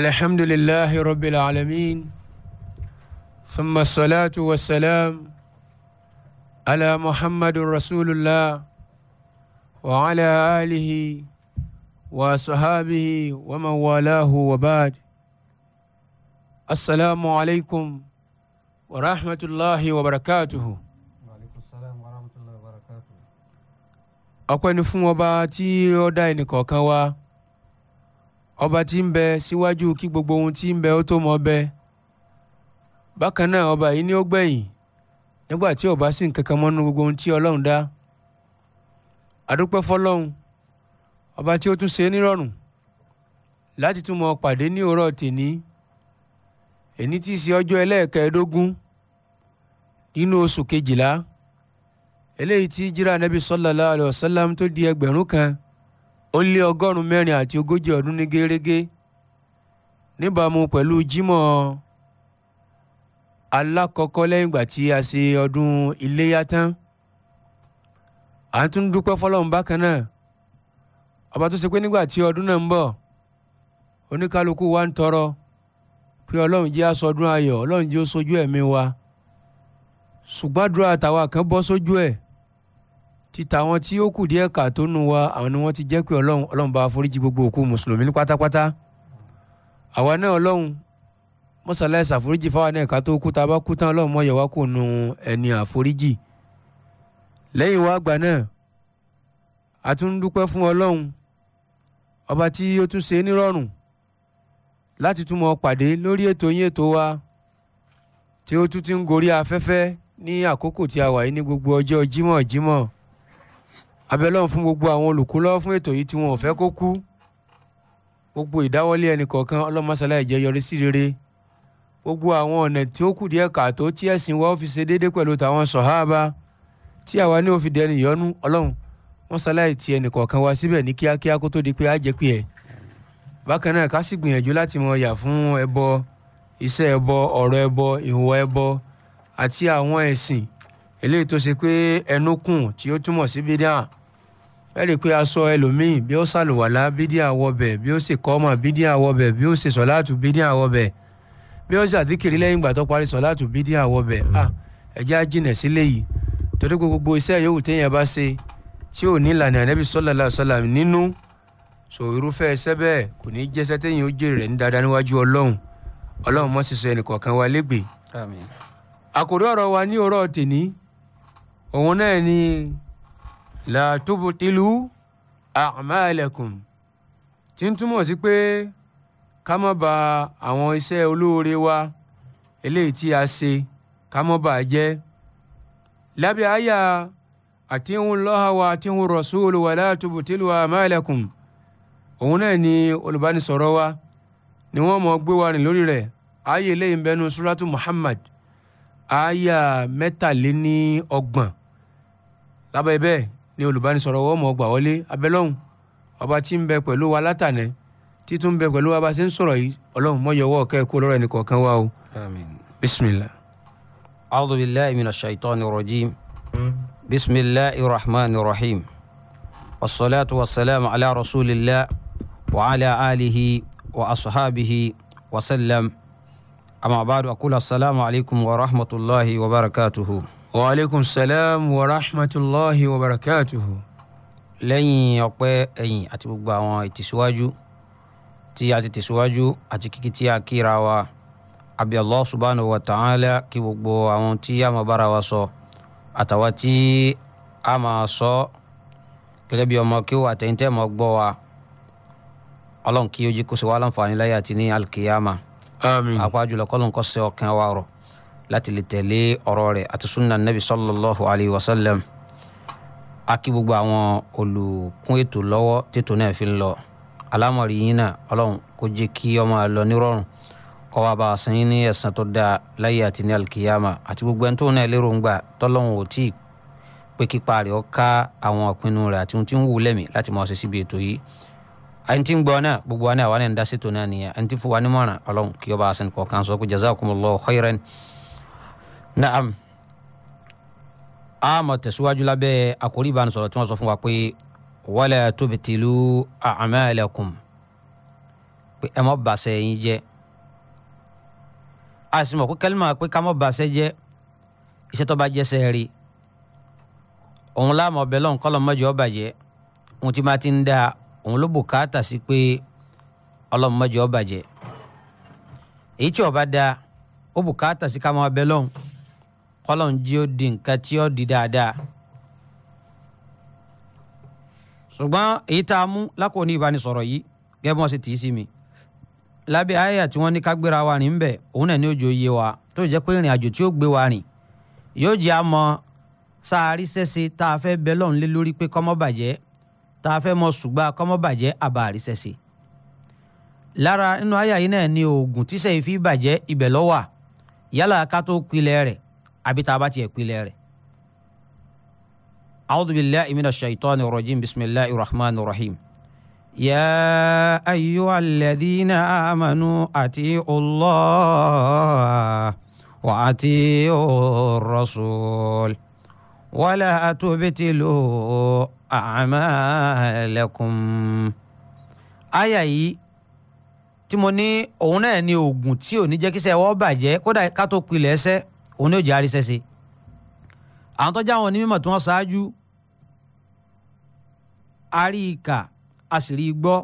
الحمد لله رب العالمين ثم الصلاة والسلام على محمد رسول الله وعلى آله وصحابه ومن والاه وبعد السلام عليكم ورحمة الله وبركاته وعليكم السلام ورحمة الله وبركاته أقوى نفهم وباتي ودائن كوكاوا ọba tí ń bẹ síwájú kí gbogbo ohun tí ń bẹ ó tó mọ bẹ bákan náà ọba yìí ni ó gbẹ̀yìn nígbà tí ọba sì ń kankan mọ́nú gbogbo ohun tí ọlọ́run dá àdúpẹ́ fọlọ́run ọba tí ó tún ṣe nírọ̀rùn láti tún mọ pàdé ní òórọ̀ tèní èní tí í ṣe ọjọ́ ẹlẹ́ẹ̀kẹ́ẹ̀dógún nínú oṣù kejìlá eléyìí tí jíra nẹ́bí sallallahu alaihi wasallam tó di ẹgbẹ̀rún kan ó lé ọgọ́rùn-ún mẹ́rin àti ogójì ọdún ní gẹ́rẹ́gẹ́ níbàámu pẹ̀lú jímọ̀ alákọ̀ọ́kọ́ lẹ́yìn ìgbà tí a ṣe ọdún iléyá tán à ń tún dúpẹ́ fọlọ́run bákan náà ọba tó ṣe pé nígbà tí ọdún náà ń bọ̀ oníkálukú wa ń tọrọ pé ọlọ́run jẹ́ aṣọdún ayọ̀ ọlọ́run jẹ́ ó sojú ẹ̀mí wa ṣùgbọ́n àdúrà ti tàwọn tí ó kù díẹ̀ kà tó nu wa àwọn ni wọ́n ti jẹ́ pé ọlọ́run ọlọ́run bá foríjì gbogbo òkú mùsùlùmí ní pátápátá àwa náà ọlọ́run mọ́sálá ẹ̀sà foríjì fáwa náà ká tó kú tá a bá kú tán ọlọ́run mọ́ yẹ̀wá kò nu ẹni àforíjì lẹ́yìn wá àgbà náà a tún dúpẹ́ fún ọlọ́run ọba tí ó tún ṣe nírọ̀rùn láti tún mọ pàdé lórí ètò yín ètò wa tí ó tún ti ń gorí afẹ́fẹ́ ní àkókò tí a wà yìí ní gbogbo ọjọ́ jímọ̀ jímọ̀ abẹ́lọ́run fún gbogbo àwọn olùkúlọ́wọ́ fún ètò yìí tí wọn ò fẹ́ kó kú gbogbo ìdáwọ́lé ẹnìkọ̀ọ̀kan ọlọ́mọṣáláì jẹ́ yọrí sí rere gbogbo àwọn ọ̀nà tí ó kù díẹ̀ kàtó tí ẹ̀sìn wa ó fi ṣe déédéé pẹ̀lú tàwọn sọ̀háàbá tí àwa ní òfin dẹni ìyọnu ọlọ́run mọ́ṣáláì ti ẹnìkọ̀ọ̀kan wa síbẹ̀ ní kíákíá kó tó di pé á pé ẹ̀ bákan náà ká sì gbìyànjú láti mọ yà fún ẹbọ iṣẹ́ ẹbọ ọ̀rọ̀ ẹbọ ìhùwà ẹbọ àti àwọn ẹ̀sìn eléyìí tó ṣe pé ẹnukùn tí ó túmọ̀ sí bídà ẹ rí i pé aṣọ ẹlòmíì bí ó ṣàlùwàlá bídíà wọbẹ̀ bí ó sì kọ́mọ̀ bídíà wọbẹ̀ bí ó sì sọ̀láàtù bídíà wọbẹ̀ bí ó ṣàdíkiri lẹ́yìn ìgbà tó parí sọ̀láàtù bídíà wọbẹ̀ ah ẹ̀jẹ̀ á jìnà sílé yìí torí gbogbo iṣẹ́ yòówù téèyàn bá ṣe tí ò ní ìlànà ànábì sọ́làlá sọ́là nínú so irúfẹ́ ẹsẹ́ bẹ́ẹ̀ kò ní jẹ́sẹ́ téèyàn ó jèrè rẹ̀ ní dáadáa níwájú ni la tubtilu a'malakum tí ń túmọ̀ sí pé ká má bà àwọn iṣẹ́ olóore wa eléyìí tí a ṣe ká má bà jẹ́ lábẹ́ àyà ati'u Allaha wa ati'u ar-rasul wa la tubtilu a'malakum òun náà ni olùbánisọ̀rọ̀ wa ni wọ́n mọ̀ gbé wa rìn lórí rẹ̀ ààyè eléyìí ń bẹnu suratu Muhammad ààyà mẹ́tàléní ọgbọ̀n lábẹ́ bẹ́ẹ̀ ni olùbánisọ̀rọ̀ wọ́n mọ̀ gbà wọlé abẹ́lọ́hùn ọba tí ń bẹ pẹ̀lú wa látànẹ títún bẹ pẹ̀lú wa bá ṣe ń sọ̀rọ̀ yìí ọlọ́run mọ̀ yọwọ́ ọ̀kẹ́ kú lọ́rọ̀ ẹnì kọ̀ọ̀kan wa o. àmín. bisimilah. a'udhu billahi minash shaitani rajim bisimilahi rahmani rahim wasalaatu wasalaamu ala rasulillah wa ala alihi wa ashabihi wa sallam amma ba'du aqulu assalamu wa rahmatulahi wa barakatuhu waaleykum salaam wa rahmatulahi wa barakatuhu lẹ́yìn ọpẹ́ ẹ̀yìn àti gbogbo àwọn ìtẹ̀síwájú tí a ti tẹ̀síwájú àti kíkí tí a kíra wa àbí Allah subhanahu wa ta'ala kí gbogbo àwọn tí a máa bára wa sọ àtàwa tí a máa sọ gẹ́gẹ́ bí ọmọ kí ó àtẹ̀yìntẹ́ mọ́ gbọ́ wa ọlọ́run kí ó jí kó ṣe wá láǹfààní láyé àti ní alkiyama àpá jùlọ kọ́lọ́n kó ṣe ọkàn wa rọ̀ láti lè tẹ̀lé ọ̀rọ̀ rẹ̀ àti sunna nabi sallallahu alayhi wa sallam a kí gbogbo àwọn olùkún ètò lọ́wọ́ tètò náà fi ń lọ alámọ̀rí yín náà ọlọ́run kó jẹ́ kí ó máa lọ nírọ̀rùn kó wá bá a san ní ẹ̀san tó dáa láyé àti ní alkiyama àti gbogbo ẹni tó náà lérò ń gbà tọ́lọ́run ò tí ì pé kípa rẹ̀ ó ká àwọn ìpinnu rẹ̀ àti ohun tí ń wù lẹ́mí láti máa ṣe síbi ètò yìí ẹni tí ń gbọ́ náà gbogbo wa náà wà ní ẹ̀ńdá ṣètò náà nìyẹn ẹni tí fún wa nímọ̀ràn ọlọ́run kí ó bá a san kọ̀ọ̀kan sọ pé jazakumullahu khairan naam Ama mọ̀ tẹ̀síwájú lábẹ́ àkórí ìbánisọ̀rọ̀ tí wọ́n sọ fún wa pé wala tubtilu a'malakum pé ẹ má bàṣẹ́ yín jẹ́ a sì mọ̀ pé kẹ́límà pé ká má bàṣẹ́ jẹ́ iṣẹ́ tó bá jẹ́sẹ̀ rí òun láàmú ọbẹ̀ lọ́hùn kọ́lọ́ mọ́jọ́ ọba òun ti máa ti ń da òun ló bùkátà sí pé ọlọ́mọ mọ́jọ́ èyí tí ọba da ó bùkátà sí ká má ọbẹ̀ lọ́hùn kọ́lọ̀ ń jí ó di nǹkan tí ó di dáadáa. ṣùgbọ́n èyí tá a mú lákòóní ìbánisọ̀rọ̀ yìí gẹ́gẹ́ bí wọ́n ṣe tì í sí mi lábẹ́ àyà tí wọ́n ní ká gbéra wa rìn bẹ̀ òun náà ní òjò yé wa tó jẹ́ pé ìrìn àjò tí ó gbé wa rìn yóò jẹ́ a mọ sáárí sẹ́sẹ tá a fẹ́ bẹ lọ́run lé lórí pé kọ́mọ́ bàjẹ́ tá a fẹ́ mọ ṣùgbọ́n kọ́mọ́ bàjẹ́ àbáàrí sẹ́sẹ. lára nínú àyà yìí náà ni oògùn tíṣẹ́ ìfi bàjẹ́ ibẹ̀ lọ́wà yálà ká tó pilẹ̀ rẹ̀ àbí tá a bá tiẹ̀ pilẹ̀ rẹ̀. أعوذ بالله من الشيطان الرجيم بسم الله الرحمن الرحيم يا أيها الذين آمنوا أطيعوا الله وأطيعوا الرسول ولا تبتلوا أعمالكم àyá yìí tí mo ní òun náà ni oògùn tí ò ní jẹ́ kí iṣẹ́ wa bàjẹ́ kódà ká tó pilẹ̀ ẹsẹ̀ òun ni ó jẹ́ àríṣẹ́ sí àwọn tó jáwọn ní mímọ̀ tí wọ́n ṣáájú àrí ìkà a sì rí i gbọ́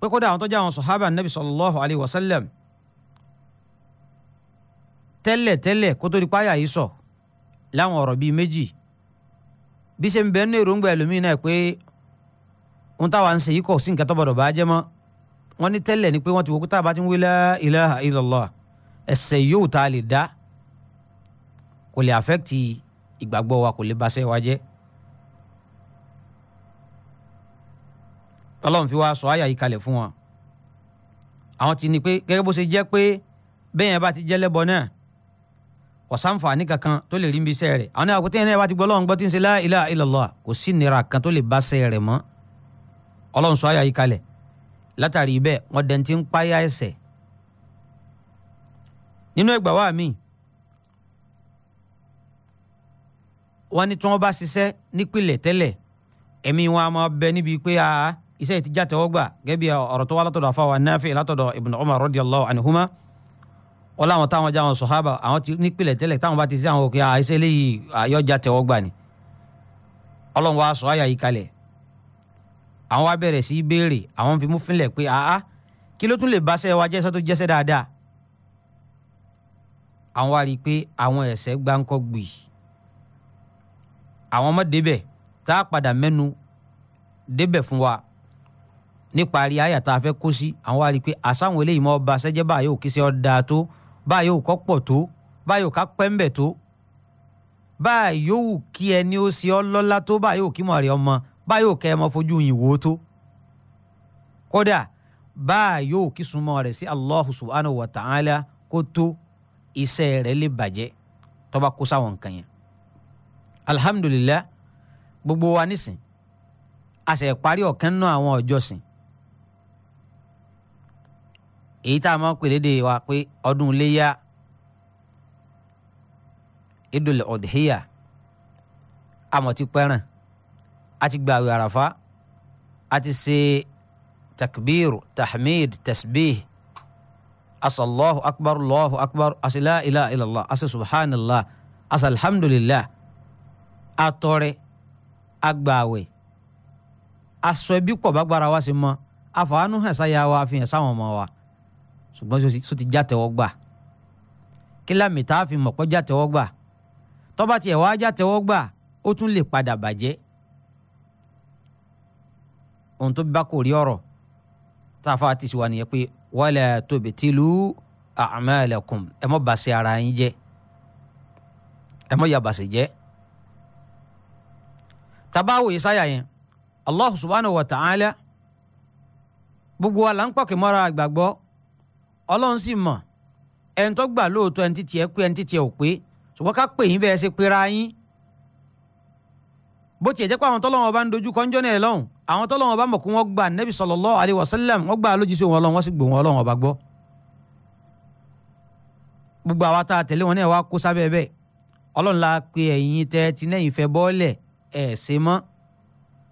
pé kódà àwọn tó jáwọn sọ̀hábà nàbì sallallahu alayhi wa sallam tẹ́lẹ̀ tẹ́lẹ̀ kó tó di páyà yìí sọ láwọn ọ̀rọ̀ bíi méjì bí ṣe ń bẹ nínú èròǹgbà ẹlòmíín náà pé ohun táwa ń ṣe yìí kọ̀ sí nǹkan tó gbọdọ̀ bá jẹ́ mọ́ wọ́n ní tẹ́lẹ̀ ni pé wọ́n ti wò kó tá a bá ti ń wí la ẹ̀ṣẹ̀ yóò tá a lè dá kò lè àfẹ́kìtì ìgbàgbọ́ wa kò lè ba ṣẹ́ wa jẹ́. ọlọ́run fi wá sọ àyà yìí kalẹ̀ fún wọn àwọn ti ní pé gẹ́gẹ́ bó ṣe jẹ́ pé bẹ́ẹ̀ yẹn bá ti jẹ́ lẹ́bọ náà kò sáǹfààní kankan tó lè rí ibi iṣẹ́ rẹ̀ àwọn àkótẹ́ yẹn náà bá ti gbọ́ ọlọ́run gbọ́ tí ń ṣe la ilaha illallah kò sí nira kan tó lè bá ṣẹ́ rẹ̀ mọ́ ọlọ́run sọ àyà yìí kalẹ̀ látàrí bẹ́ẹ̀ wọ́n dẹ̀ ti ń páyà ẹ̀ṣẹ̀ nínú ẹgbà wa mi wọ́n ní tí wọ́n bá ṣiṣẹ́ nípìnlẹ̀ tẹ́lẹ̀ ẹ̀mí wọn a máa bẹ níbi pé a iṣẹ́ ìtìjà tẹ́wọ́gbà gẹ́bí ọ̀rọ̀ tó wá látọ̀dọ̀ àfàwà Nafi látọ̀dọ̀ Ibn Umar radiyallahu anhuma wọ́n láwọn táwọn já wọn sọ̀hábà àwọn ti nípìnlẹ̀ tẹ́lẹ̀ táwọn bá ti ṣe àwọn òkè a iṣẹ́ eléyìí àyọjà tẹ́wọ́gbà ni Ọlọ́run wa sọ àyà yìí kalẹ̀ àwọn wa bẹ̀rẹ̀ sí í béèrè àwọn fi mú fínlẹ̀ pé a kí ló tún lè bá sẹ́ wa jẹ́sẹ́ tó jẹ́sẹ́ dáadáa àwọn wá rí i pé àwọn ẹ̀ṣẹ̀ gbáǹkọ́ gbì àwọn ọmọ débẹ̀ tá a padà mẹ́nu débẹ̀ fún wa níparí àyà tá a fẹ́ kó sí àwọn wá rí i pé àsáwọn eléyìí mọ́ ọba sẹ́jẹ́ báyìí ò kí sẹ́ ọ́ dáa tó báyìí ò kọ́ pọ̀ tó báyìí ò ká pẹ́ńbẹ̀ tó báyìí yóò wù kí ẹni ó ṣe ọ́ lọ́lá tó báyìí ò kí mọ̀ rẹ̀ ọmọ báyìí ò kẹ́ ẹ mọ́ fojú yìn wò ó tó kódà báyìí ò kí súnmọ́ rẹ̀ sí Allahu subhanahu wa ta'ala kó tó iṣẹ́ rẹ̀ lè bàjẹ́ tó bá kó sáwọn nǹkan yẹn alhamdulillah gbogbo wa nísìn a sì parí ọ̀kan náà àwọn ọjọ́sìn èyí tá a máa ń pè léde wa pé ọdún iléyà idul ọdhiya amọ̀tí àti gbàwé àràfá àti ṣe takbir tahmid tasbih asallahu akbar allahu akbar asila ila ilallah asa subhanallah asa alhamdulillah atọrẹ agbàwẹ̀ aṣọ ẹbí pọ̀ bágbára wa sí mọ́ àfàánú hàn sáyà wa àfihàn sáwọn ọmọ wa ṣùgbọ́n sọ ti já tẹ̀wọ́ gbà kílámì tá a fi mọ̀ pé já tẹ̀wọ́ gbà tọ́ba tiẹ̀ wá já tẹ̀wọ́ gbà ó tún lè padà bàjẹ́ ohun tó bá kò rí ọ̀rọ̀ tá a fa àtìsí wa nìyẹn pé wala tubtilu a'malakum ẹ mọ́ bàṣẹ ara yín jẹ́ ẹ mọ́ ya bàṣẹ jẹ́ tabawo yesaya yẹn allah subhanahu wa ta'ala gbogbo wa la ń pọ̀kì mọ́ra àgbàgbọ́ ọlọ́run sì mọ̀ ẹni tó gbà lóòótọ́ ẹni títí ẹ pé ẹni títí ẹ ò pé ṣùgbọ́n ká pè yín bẹ́ẹ̀ ṣe pera yín bó tiẹ̀ jẹ́ pé àwọn tọ́lọ́wọ́n bá ń dojú kọ́njọ́ náà lọ́hùn àwọn tọ́lọ́wọ́n bá mọ̀ kó wọ́n gba nẹ́bí sallallahu alaihi wasallam wọ́n gba lójúṣe wọn ọlọ́run wọ́n sì gbò wọn ọlọ́run ọba gbọ́. gbogbo àwa tá a tẹ̀lé wọn náà wá kó sábẹ́ bẹ́ẹ̀ ọlọ́run la pe ẹ̀yin tẹ́ ti náà ìfẹ́ bọ́ọ̀lẹ̀ ẹ̀ ṣe mọ́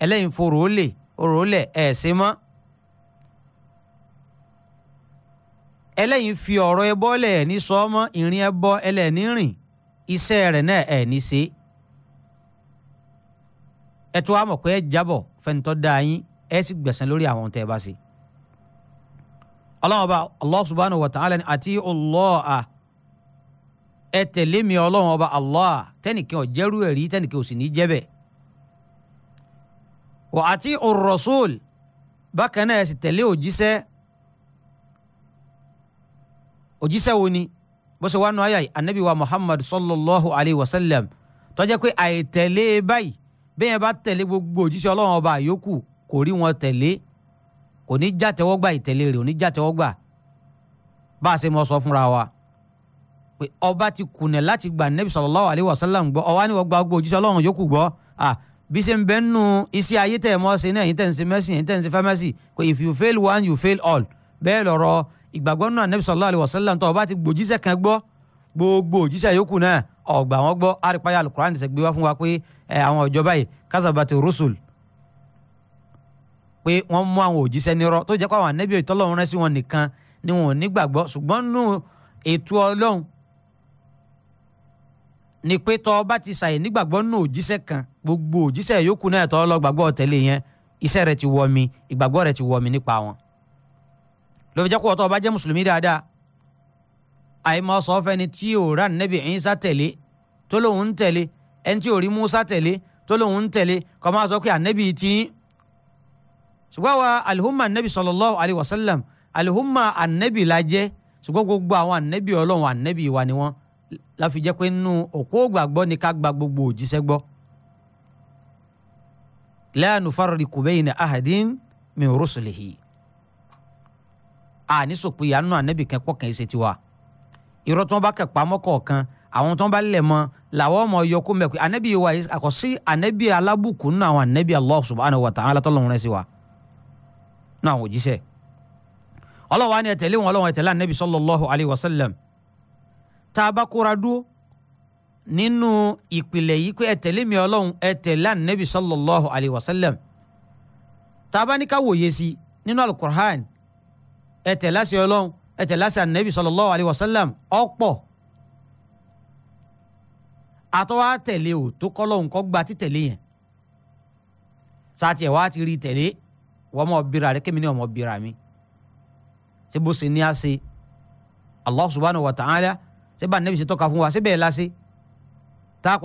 ẹlẹ́yin forò lè orò lẹ̀ ẹ̀ ṣe mọ́ ẹlẹ́yin fi ọ̀rọ̀ ẹ bọ́ọ̀lẹ̀ ẹ̀ ní sọ mọ́ ìrìn ẹ bọ́ ẹlẹ́ rìn fẹ́ntọ́ da yín ẹ sì gbẹ̀sán lórí àwọn tẹ́ ẹ bá ṣe. ọlọ́run ọba allah subhanahu wa ta'ala ni àti ọlọ́ọ̀à ẹ tẹ̀lé mi ọlọ́run ọba allah tẹ́nìkan ò jẹ́rú ẹ̀ rí tẹ́nìkan ò sì ní jẹ́ bẹ́ẹ̀. wà àti ar-rasul bákan náà ẹ sì tẹ̀lé òjíṣẹ́ òjíṣẹ́ wo ni bó ṣe wá nu ayé anabi muhammad sallallahu alayhi wa sallam tó pé àìtẹ̀lé báyìí bẹ́ẹ̀ bá tẹ̀lé gbogbo òjíṣẹ́ ọlọ́run ọba àyókù kò rí wọn tẹ̀lé kò ní jàtẹ́wọ́gbà ìtẹ̀lé rẹ̀ ò ní jàtẹ́wọ́gbà bá a ṣe mọ sọ fúnra wa pé ọba ti kùnà láti gbà nẹ́bí sallallahu alaihi wasallam gbọ́ ọwá ni wọ́n gba gbogbo òjíṣẹ́ ọlọ́run yókù gbọ́ à bí ṣe ń bẹ́ nù iṣẹ́ ayé tẹ̀ mọ́ ṣe náà yìí tẹ̀ ń ṣe mẹ́sìn yìí tẹ̀ ń ṣe fámẹ́sì pé if you fail one you fail all bẹ́ẹ̀ lọ̀rọ̀ ìgbàgbọ́ náà nẹ́bí sallallahu alaihi wasallam tó ọba ti gbòjíṣẹ́ kan gbọ́ gbogbo òjíṣẹ́ yòókù náà ọ̀gbà wọn gbọ́ àrípáyà alukur'an ṣe gbé wá fún wa pé àwọn ìjọba yìí kazabati rusul pé wọ́n mú àwọn òjíṣẹ́ nírọ́ tó jẹ́ pé àwọn ànábì ìtọ́lọ́run rẹ́ sí wọn nìkan ni wọn ò ní gbàgbọ́ ṣùgbọ́n nù ètò ọlọ́run ni pé tọ́ ọba ti ṣàyè nígbàgbọ́ nù òjíṣẹ́ kan gbogbo òjíṣẹ́ yòókù náà tọ́ lọ gbàgbọ́ tẹ̀lé yẹn iṣẹ́ rẹ̀ ti wọ̀ mi ìgbàgbọ́ rẹ̀ ti wọ̀ mi nípa wọn. ló fi jẹ́ kó ọba jẹ́ mùsùlùmí dáadáa àìmọ sọ fẹni tí ò rà nẹ́bì Ìsá tẹ̀lé tó lóun ń tẹ̀lé ẹni tí ò rí Mùsá tẹ̀lé tó lóun ń tẹ̀lé kọ́ máa sọ pé ànẹ́bì tí ṣùgbọ́n wa alihuma anabi sallallahu alayhi wa sallam alihuma anabi la jẹ́ ṣùgbọ́n gbogbo àwọn anabi ọlọ́run anabi wa ni wọ́n la fi jẹ́ pé nínú òkú gbàgbọ́ ni ká gba gbogbo òjíṣẹ́ gbọ́. la nufarriqu bayna ahadin min rusulihi. a ní sòpin yanu anabi kan pọ̀ kàn ṣe tiwa irọ́ tí wọ́n bá kẹ̀ pamọ́ kọ̀ọ̀kan àwọn tó ń bá lẹ̀ mọ́ làwọn ọmọ yọ kó mẹ́kù anabi wa àkọsí anabi alábùkù nínú àwọn anabi Allah subhanahu wa ta'ala tọ́lọ́run rẹ̀ sí wa nínú àwọn òjíṣẹ́ ọlọ́wọ́ àni ẹ̀tẹ̀lé wọn ọlọ́wọ́ ẹ̀tẹ̀lé anabi sallallahu alayhi wa sallam tá a bá kóra dúró nínú ìpìlẹ̀ yìí pé ẹ̀tẹ̀lé mi ọlọ́run ẹ̀tẹ̀lé anabi sallallahu alayhi wa sallam tá a bá ní ká ẹ̀tẹ̀ láti ànábì sallallahu alayhi wa sallam ọ̀pọ̀ àtọ́wá tẹ̀lé o tó kọ́ lóhùn kọ́ gba títẹ̀lé yẹn sáà wá ti rí tẹ̀lé wọ́n mọ̀ bira rẹ kémi ní ọmọ bira mi ṣé bó ṣe ní a ṣe Allah subhanahu wa ta'ala ṣé bá ànábì ṣe tọ́ka fún wa ṣé bẹ́ẹ̀ la ṣe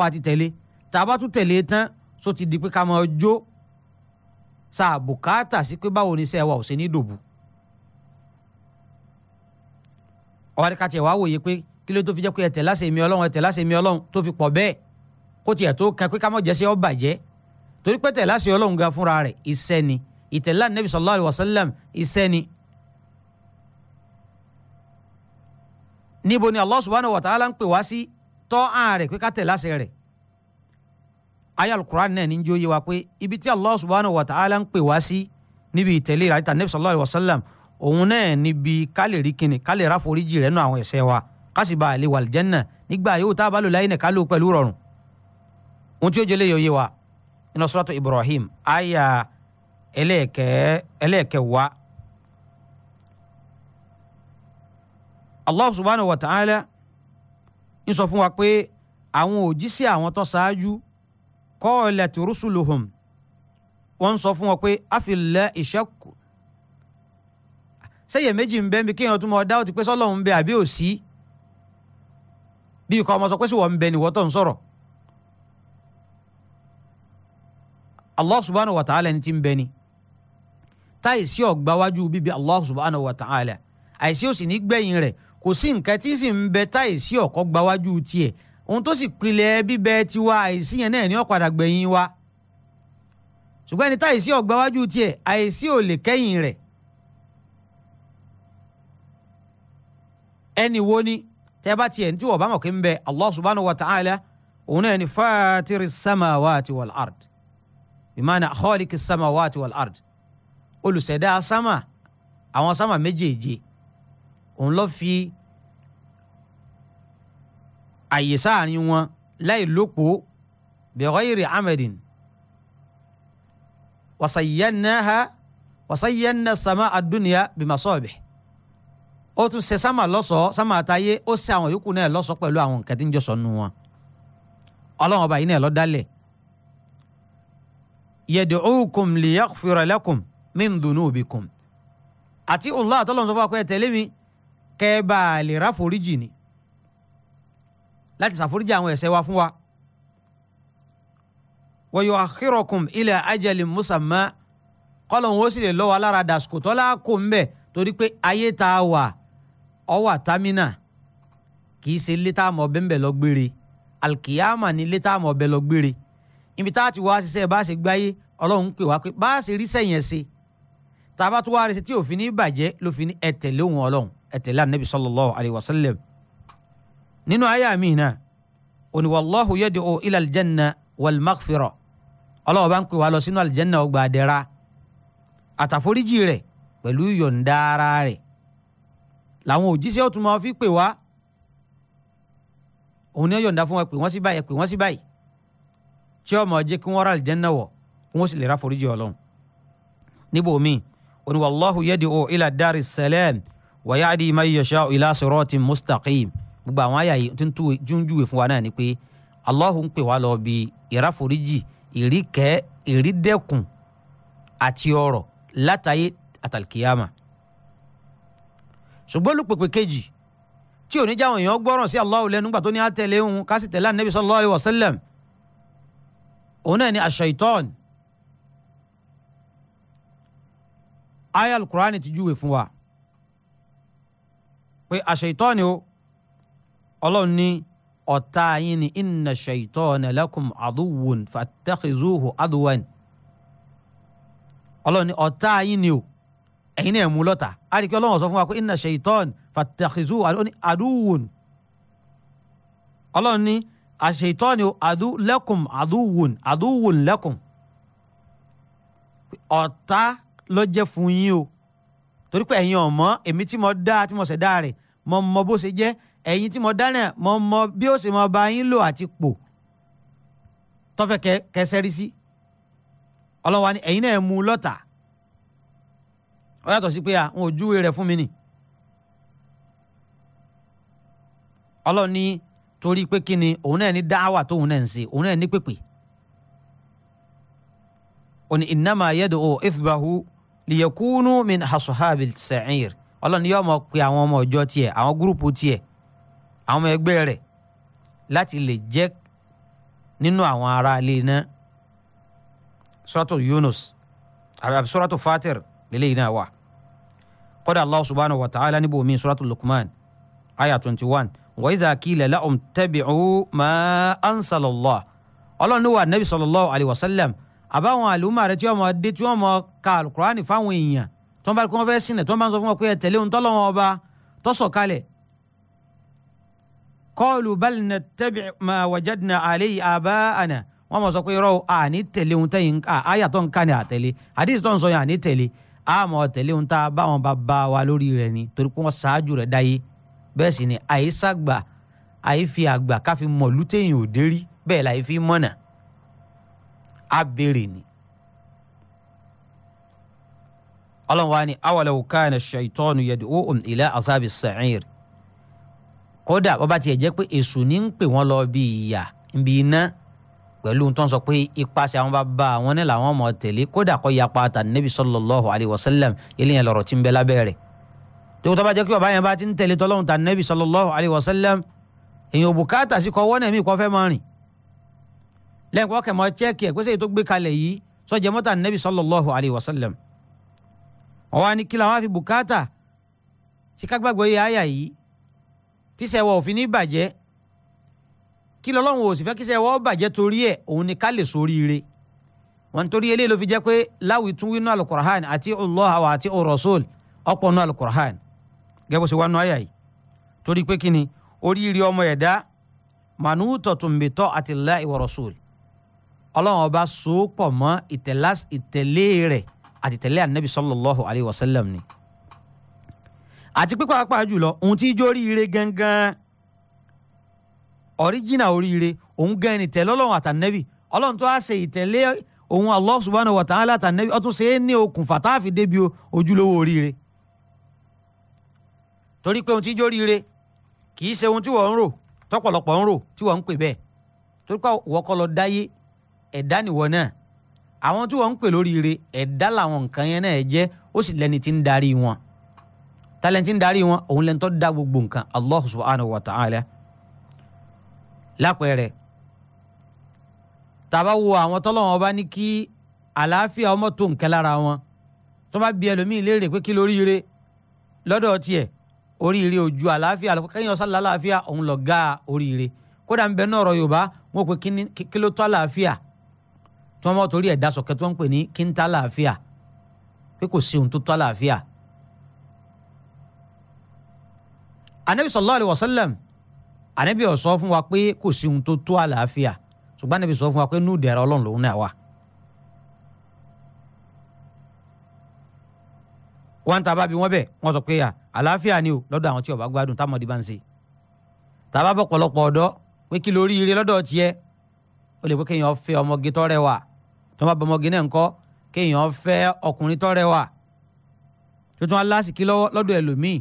àti tẹ̀lé tàbá tún tán so ti di pé ká máa jó sáà bùkátà sí pé báwo ni sẹ́ẹ̀ ò ṣe ní dòbù ọ̀wá ni ká tiẹ̀ wá wòye pé kí ló tó fi jẹ́ pé ẹ̀tẹ̀ láṣẹ mi ọlọ́run ẹ̀tẹ̀ láṣẹ mi ọlọ́run tó fi pọ̀ bẹ́ẹ̀ kó tiẹ̀ tó kan pé ká mọ̀ jẹ́sẹ̀ ọba jẹ́ torí pé tẹ̀lá sí ọlọ́run gan fúnra rẹ̀ iṣẹ́ ni ìtẹ̀lá nẹ́bí sallallahu alaihi wasallam iṣẹ́ ni. níbo ni Allah subhanahu wa ta'ala ń pè wá sí tọ́ àn rẹ̀ pé ká tẹ̀lá sí rẹ̀ aya al-Qur'an náà ní ń jó yé wa pé ibi tí Allah subhanahu wa ta'ala ń pè wá sí níbi ìtẹ̀lé ìrànlítà nẹ́bí sallallahu alaihi wasallam òun náà níbi ká lè rí kíni ká lè ráforíjì rẹ̀ nù àwọn ẹ̀ṣẹ̀ wa ká sì bá àlè wàlìjẹ́nà nígbà yóò tá a bá lò láyé nìkan lò pẹ̀lú rọrùn. ohun tí ó jẹlé yòóye wa nínú suratu Ibrahim àyà ẹlẹ́ẹ̀kẹ́ ẹlẹ́ẹ̀kẹwà. Allah subhanahu wa ta'ala ń sọ fún wa pé àwọn òjíṣẹ́ àwọn tó ṣáájú qalat rusuluhum wọ́n ń sọ fún wa pé afilla ishaq sẹ́yẹ̀ méjì ń bẹ́ mi kéèyàn tún mọ dáwọ́ ti pé sọ́lọ́run ń bẹ àbí ò bí ikọ̀ ọmọ sọ pé sùwọ̀n ń bẹ ni wọ́tọ̀ ń sọ̀rọ̀ Allah subhanahu wa ta'ala ni ti ń bẹ ni táìsí ọ̀gbá wájú bíbí Allah subhanahu wa ta'ala àìsí òsì ní gbẹ̀yìn rẹ̀ kò sí nǹkan tí sì ń bẹ táìsí ọ̀kọ́ gbá wájú tiẹ̀ ohun tó sì pilẹ̀ bíbẹ tiwa àìsí yẹn náà ní ọ̀padà gbẹ̀yìn wa ṣùgbọ́n ẹni táìsí ọ̀gbá wájú tiẹ̀ àìsí ò lè kẹ́yìn rẹ̀ ẹni wo ni tẹ́ bá tiẹ̀ ní tí wọ́n bá mọ̀ kí n bẹ allah subhanahu wa ta'ala òun náà ni fatiri samawati wal ard ìmáàna khaliki samawati wal ard olùṣẹ̀dá sama àwọn sama méjèèje òun ló fi àyè sáàrin wọn láì lópo bi ghayri amadin wasayyannaha wasayyanna sama ad-dunya ó tún ṣe sámà lọ́sọ̀ọ́ sámà àtayé ó ṣe àwọn yòókù náà lọ́sọ̀ọ́ pẹ̀lú àwọn nǹkan tí ń jọ sọnù wọn ọlọ́run ọba yìí náà ló dálẹ̀ yad'ukum liyaghfira lakum min dunubikum àti Allah àtọ́lọ́run sọ fún akọ́yẹ tẹ̀lé mi kẹ́ ẹ bá a lè ráforíjì ni láti ṣàforíjì àwọn ẹ̀ṣẹ̀ wa fún wa wa yu'akhkhirukum ila ajalin musamma kọ́lọ̀ wọn ó sì lè lọ́wọ́ alára dàsùkò tọ́lá kò ń bẹ̀ torí pé ayé tá a wà ọwà támínà kì í ṣe létà àmọ́ ọbẹ̀ ńbẹ̀ lọ gbére alkiyama ni létà àmọ́ ọbẹ̀ lọ gbére ibi tá a ti wá ṣiṣẹ́ bá a ṣe gbáyé ọlọ́run pè wá pé bá a ṣe rí sẹ́yìn ẹ̀ṣẹ̀ tá a bá tún wá rí sí tí òfin ní bàjẹ́ ló fi ní ẹ òun ọlọ́run ẹ anabi sallallahu alayhi wa sallam nínú àyà mi náà òní wàlláhu yad'u ila aljanna wal maghfira ọlọ́run bá ń pè wá lọ sínú aljanna ọgbà àdẹ́ra àtàforíjì rẹ̀ pẹ̀lú yọ̀ǹda ara rẹ̀ làwọn òjíṣẹ́ ó tún máa fi pè wá òun ni ó yọ̀ǹda fún wa pè wọ́n sí báyìí pè wọ́n sí báyìí tí ó máa jẹ́ kí wọ́n ra àlìjẹ́nà wọ̀ wọ́n sì lè ra foríjì ọlọ́run níbo mi ó ní wallahu yad'u ila dari salam wa ya'di man yasha'u ila siratin mustaqim gbogbo àwọn àyà yìí tí ń fún wa náà ni pé Allahu ń pè wá lọ bí ìráforíjì ìríkẹ́ ìrídẹ́kùn àti ọ̀rọ̀ látàyé àtàlìkìyàmà ṣùgbọ́n olùpèpè kejì tí ò ní jáwọn èèyàn gbọ́ràn sí Allahu lẹ́nu gbà tó ní àtẹ̀lé òun ká sì tẹ̀lé ànábì sallallahu alaihi wasallam òun náà ni aṣ-ṣaitan aya al-Qur'ani ti júwe fún wa pé aṣ-ṣaitan o ọlọ́run ní ọ̀tá yín ni inna aṣ-ṣaitana lakum aduwwun fattakhizuhu ọlọ́run ní ọ̀tá yín ni o ẹ̀yin náà mú lọ́tà á rí i pé ọlọ́run sọ fún wa pé inna shaitan fatakizu aduwun ọlọ́run ní àṣeitọ́ni adu lakum aduwun aduwun lakum ọ̀tá ló jẹ́ fún yín o torí pé ẹ̀yin ọ̀mọ́ èmi tí mo dá tí mo ṣẹ̀ dá rẹ̀ mo mọ bó ṣe jẹ́ ẹ̀yin tí mo dá náà mo mọ bí ó ṣe mọ bá yín lò àti pò tọ́fẹ̀ kẹsẹ́rí sí ọlọ́wà ni ẹ̀yin náà mú lọ́tà ó yàtọ̀ sí pé à wọn ò júwe rẹ̀ fún mi nì ọlọ́run ní torí pé kí ni òun náà ní dáhàwà tóun náà ń ṣe òun náà ní pèpè òní ìnáma yẹ́dọ̀ ò ìfìbáhu lìyẹ̀kúnú min hasuhabi sa'ir ọlọ́run ní yóò mọ̀ pé àwọn ọmọ ọjọ́ tiẹ̀ àwọn gúrùpù tiẹ̀ àwọn ọmọ ẹgbẹ́ rẹ̀ láti lè jẹ́ nínú àwọn ará ilé náà suratu Yunus àbí suratu Fatir lélẹ́yìn náà wà kọ́dà allah subhanahu wa ta'ala níbo mi suratul lukman aya twenty one wa iza qila lahum tabi'u ma ansalallah ọlọ́run ní wa nabi sallallahu alayhi wa sallam àbáwọn àlùmọ́ rẹ̀ tí wọ́n mọ̀ dé tí wọ́n mọ̀ ka alukur'ani fáwọn èèyàn tí wọ́n bá kí wọ́n fẹ́ sinẹ̀ tí wọ́n bá ń sọ fún wọn pé ẹ tẹ̀lé ohun tọ́lọ́wọ́n ọba tọ́sọ̀ kalẹ̀ kọ́ọ̀lù bal nattabi ma wajadna alayhi aba'ana wọ́n mọ̀ sọ pé irọ́ àní tẹ̀lé ohun tẹ̀yìn àyà tó ń ni àtẹ̀lé àdìsí tó yẹn àní tẹ̀lé a mọ̀ tẹ̀lé ohun tá a bá wọn bàbá wa lórí rẹ̀ ni torí pé wọ́n ṣáájú rẹ̀ dáyé bẹ́ẹ̀ sì ni àyíṣàgbà àyífi àgbà káfi mọ̀lú téèyàn ò dérí bẹ́ẹ̀ láyé fi mọ̀nà á béèrè ni. ọlọ́run wa ni awalaw kana shaitanu yad'uhum ila azabi sa'ir kódà bó tiẹ̀ jẹ́ pé èṣù ní ń pè wọ́n lọ bí ìyà ń iná pẹ̀lú tó ń sọ pé ipasẹ̀ àwọn bàbá àwọn ní làwọn ọmọ tẹ̀lé kódà kọ́ yapa ta nabi sallallahu alayhi wa sallam eléyàn lọ́rọ̀ tí ń bẹ lábẹ́ rẹ̀ tó tó bá jẹ́ kí bàbá yẹn bá ti ń tẹ̀lé tọ́lọ́hún ta nabi sallallahu alayhi wa sallam èèyàn bùkátà sí kọ́ wọ́n náà mí kọ́ fẹ́ máa rìn lẹ́yìn kọ́ kẹ̀mọ́ chẹ́ẹ̀kì ẹ̀ pèsè tó gbé kalẹ̀ yìí sọ́jẹ́ mọ́ta nabi sallallahu alayhi wa sallam wọ́n wá kí làwọn fi bùkátà sí kágbàgbọ́ yìí àyà yìí tíṣẹ̀wọ̀ òfin ní ìbàjẹ́ kí lọ́lọ́run ò sì fẹ́ kí sẹ́ wọ́n bàjẹ́ torí ẹ̀ òun ni ká lè soríire wọn torí eléyìí ló fi jẹ́ pé láwùí tún wínú alukurahan àti Allah wa àti rasul ọ̀pọ̀ nù alukurahan gẹ́gẹ́ bó ṣe wá nù ayà yìí torí pé kí ni oríire ọmọ ẹ̀dá mànúùtọ̀ tó ń bè àti Allah wa rasul ọlọ́run ọba so pọ̀ mọ́ ìtẹ̀lé rẹ̀ àti ìtẹ̀lé ànábì sallallahu alayhi wa sallam ni àti pípa pàápàá jùlọ ohun tí ijó oríire gangan ọ̀ríjìnà oríire òun gan ẹni tẹ̀lé ọlọ́run àtànẹ́bì ọlọ́run tó á ṣe ìtẹ̀lé òun Allah subhanahu wa ta'ala àtànẹ́bì ọtún ṣe é ní okùnfà tá a fi débi ojúlówó oríire torí pé ohun tí jó ríire kì í ṣe ohun tí wọ́n ń rò tọ́pọ̀lọpọ̀ ń rò tí wọ́n ń pè bẹ́ẹ̀ torí pé wọ́n kọ́ lọ dáyé ẹ̀dá nìwọ náà àwọn tí wọ́n ń pè lóríire ẹ̀dá làwọn nǹkan yẹn náà jẹ́ ó sì lẹni tí ń darí wọn tálẹ́ntì ń darí wọn òun lẹ́ni tó dá gbogbo nǹkan Allah subhanahu wa ta'ala lápẹẹrẹ tàbá wo àwọn tọ́lọ́wọ́n bá ní kí àlàáfíà ọmọ tó nǹkan lára wọn tó bá bí ẹlòmíín léèrè pé kí lóríire lọ́dọ̀ tiẹ̀ oríire ojú àlàáfíà lọ kẹ́yìn ọ̀sán lálàáfíà òun lọ gá oríire kódà ń bẹ náà ọ̀rọ̀ yorùbá wọn pe kí ló tọ́ àlàáfíà tí wọ́n mọ̀ torí ẹ̀dá sọ̀kẹ́ tí wọ́n ń pè ní kí ń ta àlàáfíà pé kò sí ohun tó tọ́ àlàáfíà. anabi sallallahu alayhi wa ànábì ò sọ fún wa pé kò sí ohun tó tó àlàáfíà ṣùgbọ́n ànábì sọ fún wa pé nù dẹ̀ra ọlọ́run lòun náà wà. wọ́n ń ta bábí wọ́n bẹ̀ wọ́n sọ pé àlàáfíà ni o lọ́dọ̀ àwọn tí ó bá gbádùn táwọn ọdí bá ń ṣe. tàbá bọ̀ pọ̀lọpọ̀ ọ̀dọ́ pé kí lórí lọ́dọ̀ tiẹ̀ ó lè pé kéèyàn fẹ́ ọmọge tó rẹwà tó má bọ ọmọge náà ńkọ́ kéèyàn fẹ́ ọkùnrin tó rẹwà tuntun alásìkí lọ́dọ̀ ẹlòmíì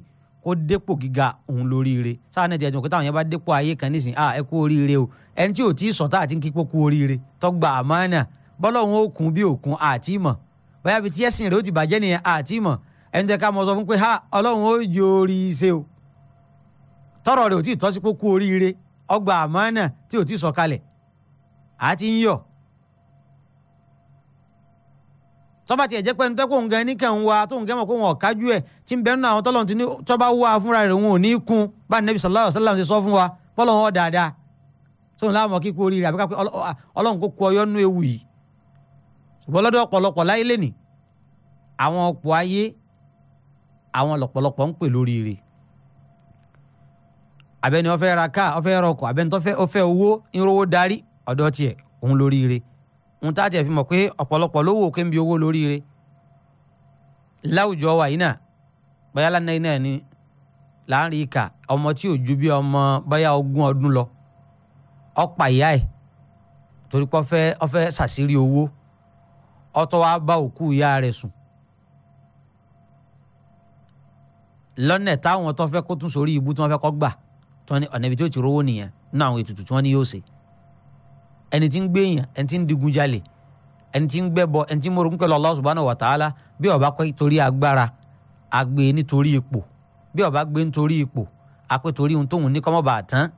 kó dépò gíga òun lóríire sáà náà ti ẹjọ́ pé yẹn bá dépò ayé kan nísìn ah ẹ kú oríire o ẹni tí ò tí ì sọ̀tà àti kíkó kú oríire tọ́gbà àmọ́nà bọ́lọ́hún òkun bí òkun àti ìmọ̀ bóyá bíi tí ẹ̀sìn rẹ̀ ó ti bàjẹ́ nìyẹn àti ìmọ̀ ẹni ká sọ fún pé ha ó yọ orí o tọrọ rẹ̀ ò tí ì pé kú oríire ọgbà tí ò tí ì àti ń yọ̀ tọ́ba tiẹ̀ jẹ́ pé ẹni tẹ́kọ̀ ń gan níkẹ́ ń wa tó ń gẹ́mọ̀ kó wọn ọ̀kájú ẹ̀ tí ń bẹ́nu àwọn tọ́lọ́run ti ní tọ́ba wá fúnra rẹ̀ wọn ò ní kun bá nẹ́bí sallallahu alaihi wasallam ti sọ fún wa bọ́lọ̀ wọn dáadáa sóun láwọn ọmọ kíkú oríire àbíká pé ọlọ́run kó kú ọyọ́ nú ewu yìí ṣùgbọ́n lọ́dọ̀ ọ̀pọ̀lọpọ̀ láyé lẹ́nì àwọn ọ̀pọ̀ ayé àwọn lọ̀pọ̀lọpọ̀ ń pè lóríire abẹ́ni ó ra káà ó rọkọ̀ abẹ́ni tó owó ń darí ọ̀dọ̀ tiẹ̀ òun lóríire ń tá a jẹ́ fi mọ̀ pé ọ̀pọ̀lọpọ̀ ló wò kébi owó lóríire láwùjọ wa yìí náà bóyá lánàá náà ni láàrin ìka ọmọ tí ò ju bí ọmọ bóyá ogún ọdún lọ ọ̀pá ìyá ẹ̀ torí pé ọfẹ́ ọfẹ́ ṣàṣírí owó ọtọ́ wa bá òkú ìyá rẹ̀ sùn lọ́nà táwọn tó fẹ́ kó tún sórí ibú tí wọ́n fẹ́ kó gbà tí wọ́n ní ọ̀nà ibi tí ó ti rówó nìyẹn nínú àwọn ètùtù tí wọ́n ní yóò ṣe ẹni tí ń gbẹ̀yàn ẹni tí ń digunjalè ẹni tí ń gbẹ́bọ ẹni tí ń mọ̀rọ̀ pẹ̀lú Allah subhanahu wa ta'ala bí ó bá pé torí agbára àgbè e nítorí ipò bí ó bá gbé e nítorí ipò àpè torí ohun tóun ní kọ́mọ́bà tán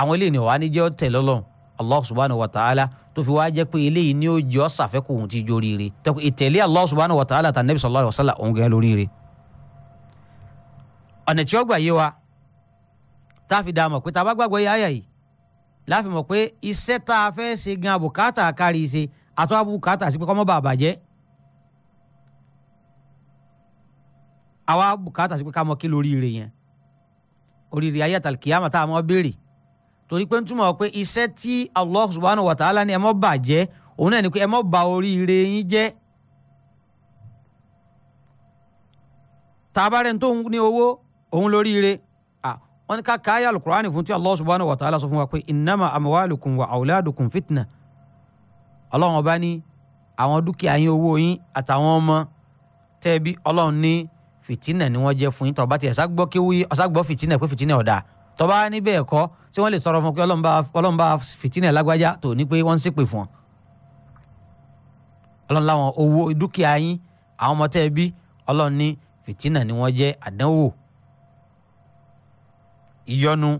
àwọn eléyìí ni wàá ní jẹ́ tẹ̀ lọ́lọ́run Allah subhanahu wa ta'ala tó fi wáá jẹ́ pé eléyìí ni ó jẹ́ ọ́ ohun tí jó Allah subhanahu wa ta'ala tà nẹ́bí sallallahu alaihi wasallam òun gẹ́ tá a fi dá a mọ̀ pé tá a bá gbàgbọ́ yá àyà yìí láfi mọ̀ pé iṣẹ́ tá a fẹ́ ṣe gan àbùkátà kárí ṣe àtọ́ àbùkátà sí pé kọ́mọ́ bàbà jẹ́ àwa àbùkátà sí pé ká mọ kí lóríire yẹn oríire ayé àtàlùkìyàmọ̀ tá a mọ̀ béèrè torí pé ń túmọ̀ pé iṣẹ́ tí Allah subhanahu wa ta'ala ni ẹ mọ́ bàjẹ́ òun náà ni pé ẹ mọ́ ba oríire yín jẹ́ tá a bá rẹ̀ ń tó ní owó òun lóríire wọ́n ní ká káyà alukur'ani fún tí allah subhanahu wa ta'ala sọ fún wa pé innama amwalukum wa awladukum fitna ọlọ́run ọba ní àwọn dúkìá yín owó yín àtàwọn ọmọ tẹ́ẹ̀bí ọlọ́run ní fìtínà ni wọ́n jẹ́ fún yín tọ́ba tiẹ̀ ságbọ́ kéwú yín ọ̀ságbọ́ fìtínà pé fìtínà ọ̀dà tọ́ba níbẹ̀ ẹ̀kọ́ tí wọ́n lè sọ̀rọ̀ fún pé ọlọ́run bá fìtínà lágbájá tó ní pé wọ́n ń ṣépè fún ọ. ọlọ́run láwọn owó dúkìá yín àwọn ọmọ tẹ́ẹ̀bí ọlọ́run ní fìtínà ni wọ́n jẹ́ àdánwò ìyọnu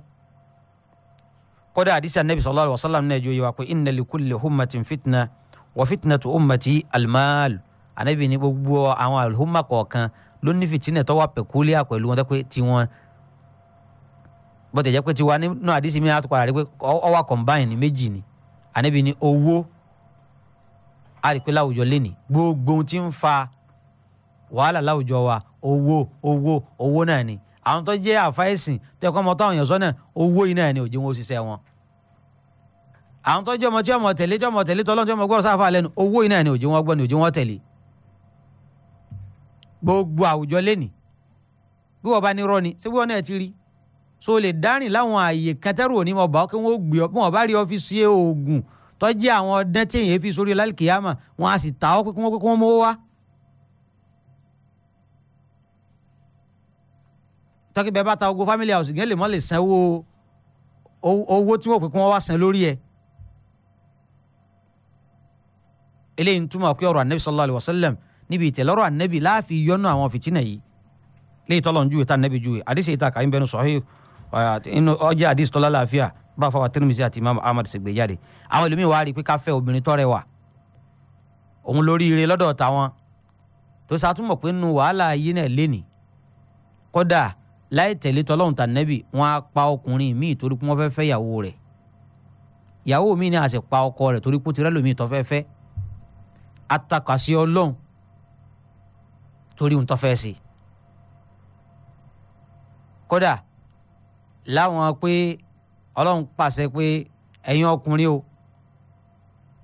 kódà àdìsí anabi sallallahu alayhi wa sallam náà jòyè wa pé inna li kulli hummatin fitna wa fitnatu ummati almaal anabi ní gbogbo àwọn alhumma kọ̀ọ̀kan ló ní fìtínà tó wà pẹ̀kúlíà pẹ̀lú wọn tẹ́ pé tiwọn bọ́tẹ̀ jẹ́ pé tiwa nínú àdìsí mi àtúkọ̀ àrí pé ọwà combine méjì ni anabi ní owó àrípé láwùjọ lẹ́nìí gbogbo ohun tí ń fa wàhálà láwùjọ wa owó owó owó náà ni àwọn tó jẹ́ àfáìsìn tó ẹ̀kọ́ ọmọ táwọn èèyàn sọ́nà owó iná ni òjì wọn òṣìṣẹ́ wọn àwọn tó jẹ́ ọmọ tí ọmọ tẹ̀lé tí ọmọ tẹ̀lé tọ́lọ́n tí ọmọ gbọ́dọ̀ sáfà lẹ́nu owó iná ni òjì wọn gbọ́ ni òjì wọn tẹ̀lé gbogbo àwùjọ lẹ́nì bí wọ́n bá ní rọ́ ni ṣé bí wọ́n náà ti rí so lè dárìn láwọn àyè kẹtẹ́rù òní mọ̀ bá kí wọ́n gbé ọ bá rí ọ́fíìsì oògùn tọ́jú àwọn ọdẹ tí èèyàn fi sórí lálùkìyàmà wọn a sì ta ọ́ pé kí wọ́n mówó wá tọ́kì bẹ́ẹ̀ bá ta ogo family house gẹ́gẹ́ lè mọ́ lè sanwó owó tí wọ́n pè kí wọ́n wá san lórí ẹ̀. eléyìí ń túmọ̀ pé ọ̀rọ̀ anabi sallallahu alayhi wa sallam níbi ìtẹ̀lọ́rọ̀ anabi láàfin yọnu àwọn fìtínà yìí léyìí tọ́lọ̀ ń júwe tá anabi júwe àdìsí ìta kàyín bẹnu sahih ọjà àdìsí tọ́lá láàfíà bá fọwọ́ Tirmidhi àti imam ahmad ṣègbè jáde àwọn ẹlòmíín wá rí i pé ká fẹ́ obìnrin tó rẹwà òun lórí ire lọ́dọ̀ tàwọn tó sàtúmọ̀ pé nu wàhálà yìí náà lénìí kódà láì tẹ̀lé tọ́lọ́hún tà nẹ́bì wọ́n á pa ọkùnrin míì torí pé wọ́n fẹ́ fẹ́ ìyàwó rẹ̀ ìyàwó míì ni a sì pa ọkọ rẹ̀ torí pé ó ti rẹ́lòmíì tó fẹ́ fẹ́ atakàsí ọlọ́hún torí ohun tó fẹ́ sí i kódà láwọn pé ọlọ́run pàṣẹ pé ẹ̀yin ọkùnrin o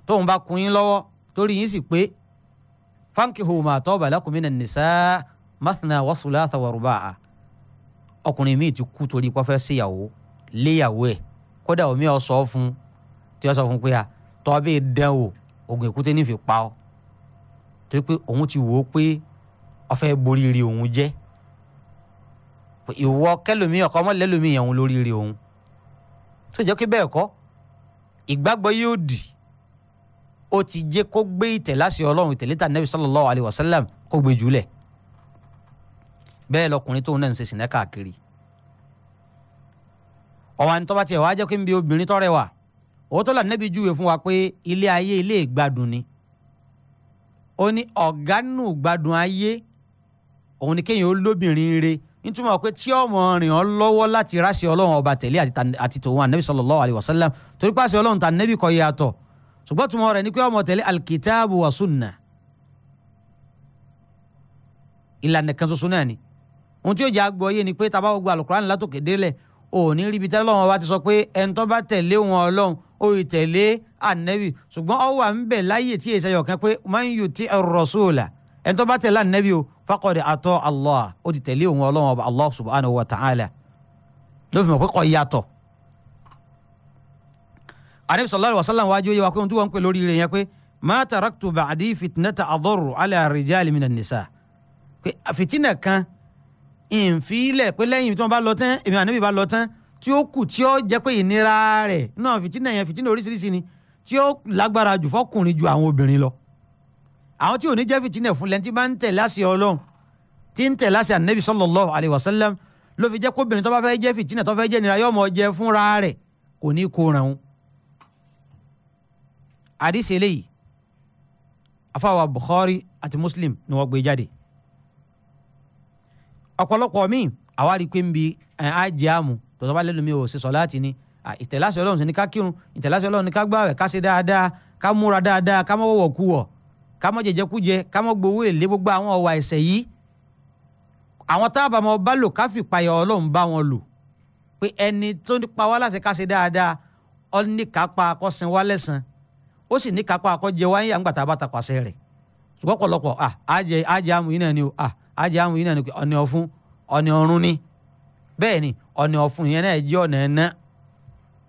tóun bá kun yín lọ́wọ́ torí yín sì pé fankihu ma taba lakum minan nisa mathna wa thulatha wa ruba'a ọkùnrin míì ti kú torí kó fẹ́ ṣèyàwó léyàwó ẹ̀ kódà omi ọ̀ sọ fún tí ó sọ fún pé à tọ́ bí dán o oògùn èkúté nífi pa ọ́ torí pé òun ti wò ó pé ó fẹ́ borí rí òun jẹ́ ìwọ kẹlòmí ọkọ ọmọ lẹlòmí yẹn òun tó jẹ́ pé bẹ́ẹ̀ kọ́ ìgbàgbọ́ yóò dì ó ti jẹ́ kó gbé ìtẹ̀láṣẹ ọlọ́run ìtẹ̀lẹ́ta nẹ́bí sallallahu alaihi wasallam kó gbé jùlẹ̀ bẹ́ẹ̀ lọkùnrin tóun náà ń ṣe sìnẹ́ káàkiri ọ̀wà ní tọ́ba tiẹ̀ wá jẹ́ kí n bi obìnrin tó rẹwà òótọ́ là nẹ́bi júwe fún wa pé ilé ayé ilé ìgbádùn ni ó ní ọ̀gá nù gbádùn ayé òun ni kéèyàn ó lóbìnrin re nítumọ̀ pé tí ọmọ rìn ọ́ lọ́wọ́ láti ráṣẹ ọlọ́run ọba tẹ̀lé àti tòun ànẹ́bí sallallahu alaihi wasallam torí pàṣẹ ọlọ́run tà nẹ́bí kọ yàtọ̀ ṣùgbọ́n tùmọ̀ rẹ̀ ni pé ọmọ tẹ̀lé alkitaabu wa sunna ìlànà kan ṣoṣo náà ni ohun tí ó jẹ́ àgbọ̀ yé ni pé tábà gbogbo àlùkùránì látòkè délẹ̀ òní ríbi tẹ́lẹ̀ lọ́wọ́ wa ti sọ pé ẹni tó bá tẹ̀lé wọn ọlọ́run ó yìí tẹ̀lé ànẹ́bì ṣùgbọ́n ọ wà ń bẹ̀ láyè tí èsì ayọ̀kẹ́ pé man yuti ar-rasula ẹni tó bá tẹ̀lé ànẹ́bì o faqad ata Allah ó ti tẹ̀lé òun ọlọ́run ọba Allah subhanahu wa ta'ala ló fi mọ̀ pé kọ́ yàtọ̀. ànẹ́bì sallallahu alaihi wájú yẹ wa pé ohun tí wọ́n ń pè lórí rẹ̀ yẹn pé ma taraktu ba'di fitnata adarru ala rijali minan nisa ìǹfilẹ̀ pé lẹ́yìn tí wọ́n bá lọ tán èmi ànábì bá lọ tán tí ó kù tí ó jẹ́ pé ìnira rẹ̀ náà fìtínà yẹn fìtínà oríṣiríṣi ni tí ó lágbára jù fọkùnrin ju àwọn obìnrin lọ àwọn tí ò ní jẹ́ fìtínà fún lẹ́ni tí bá ń tẹ̀ láṣẹ ọlọ́run tí ń tẹ̀ láṣẹ ànábì sallallahu alaihi wasallam ló fi jẹ́ kóbìnrin tó bá fẹ́ jẹ́ fìtínà tó fẹ́ jẹ́ nira yóò mọ̀ jẹ́ afáwà Bukhari àti Muslim ni wọ́n gbé jáde ọ̀pọ̀lọpọ̀ míì àwa rí i pé ń bi àjẹ àmù tọ́tọ́ bá lẹ́nu mi ò ṣe sọ láti ni ìtẹ̀láṣẹ ọlọ́run sì ni ká kírun ìtẹ̀láṣẹ ọlọ́run ni ká gbààwẹ̀ ká ṣe dáadáa ká múra dáadáa ká mọ́ wọ̀wọ̀ kú wọ̀ ká mọ́ jẹjẹ kú jẹ ká mọ́ gbowó èlé gbogbo àwọn ọ̀wà ẹ̀ṣẹ̀ yìí àwọn táàbà mọ́ bá lò ká fìpayà ọlọ́run bá wọn lò pé ẹni tó ń pa wá láṣẹ ká ṣe dáadáa ó ní kápá akọ́ sin wá lẹ́sàn ó sì ní kápá akọ́ jẹ wáyé àgbàtà bàtà pàṣẹ rẹ̀ ṣùgbọ́n pọ̀lọpọ̀ à àmú yìí náà ni o à ajá àwọn yìí náà ni pé ọ̀nà ọ̀fun ọ̀nà ọ̀run ni bẹ́ẹ̀ ni ọ̀nà ọ̀fun yẹn náà jẹ́ ọ̀nà ẹ̀ná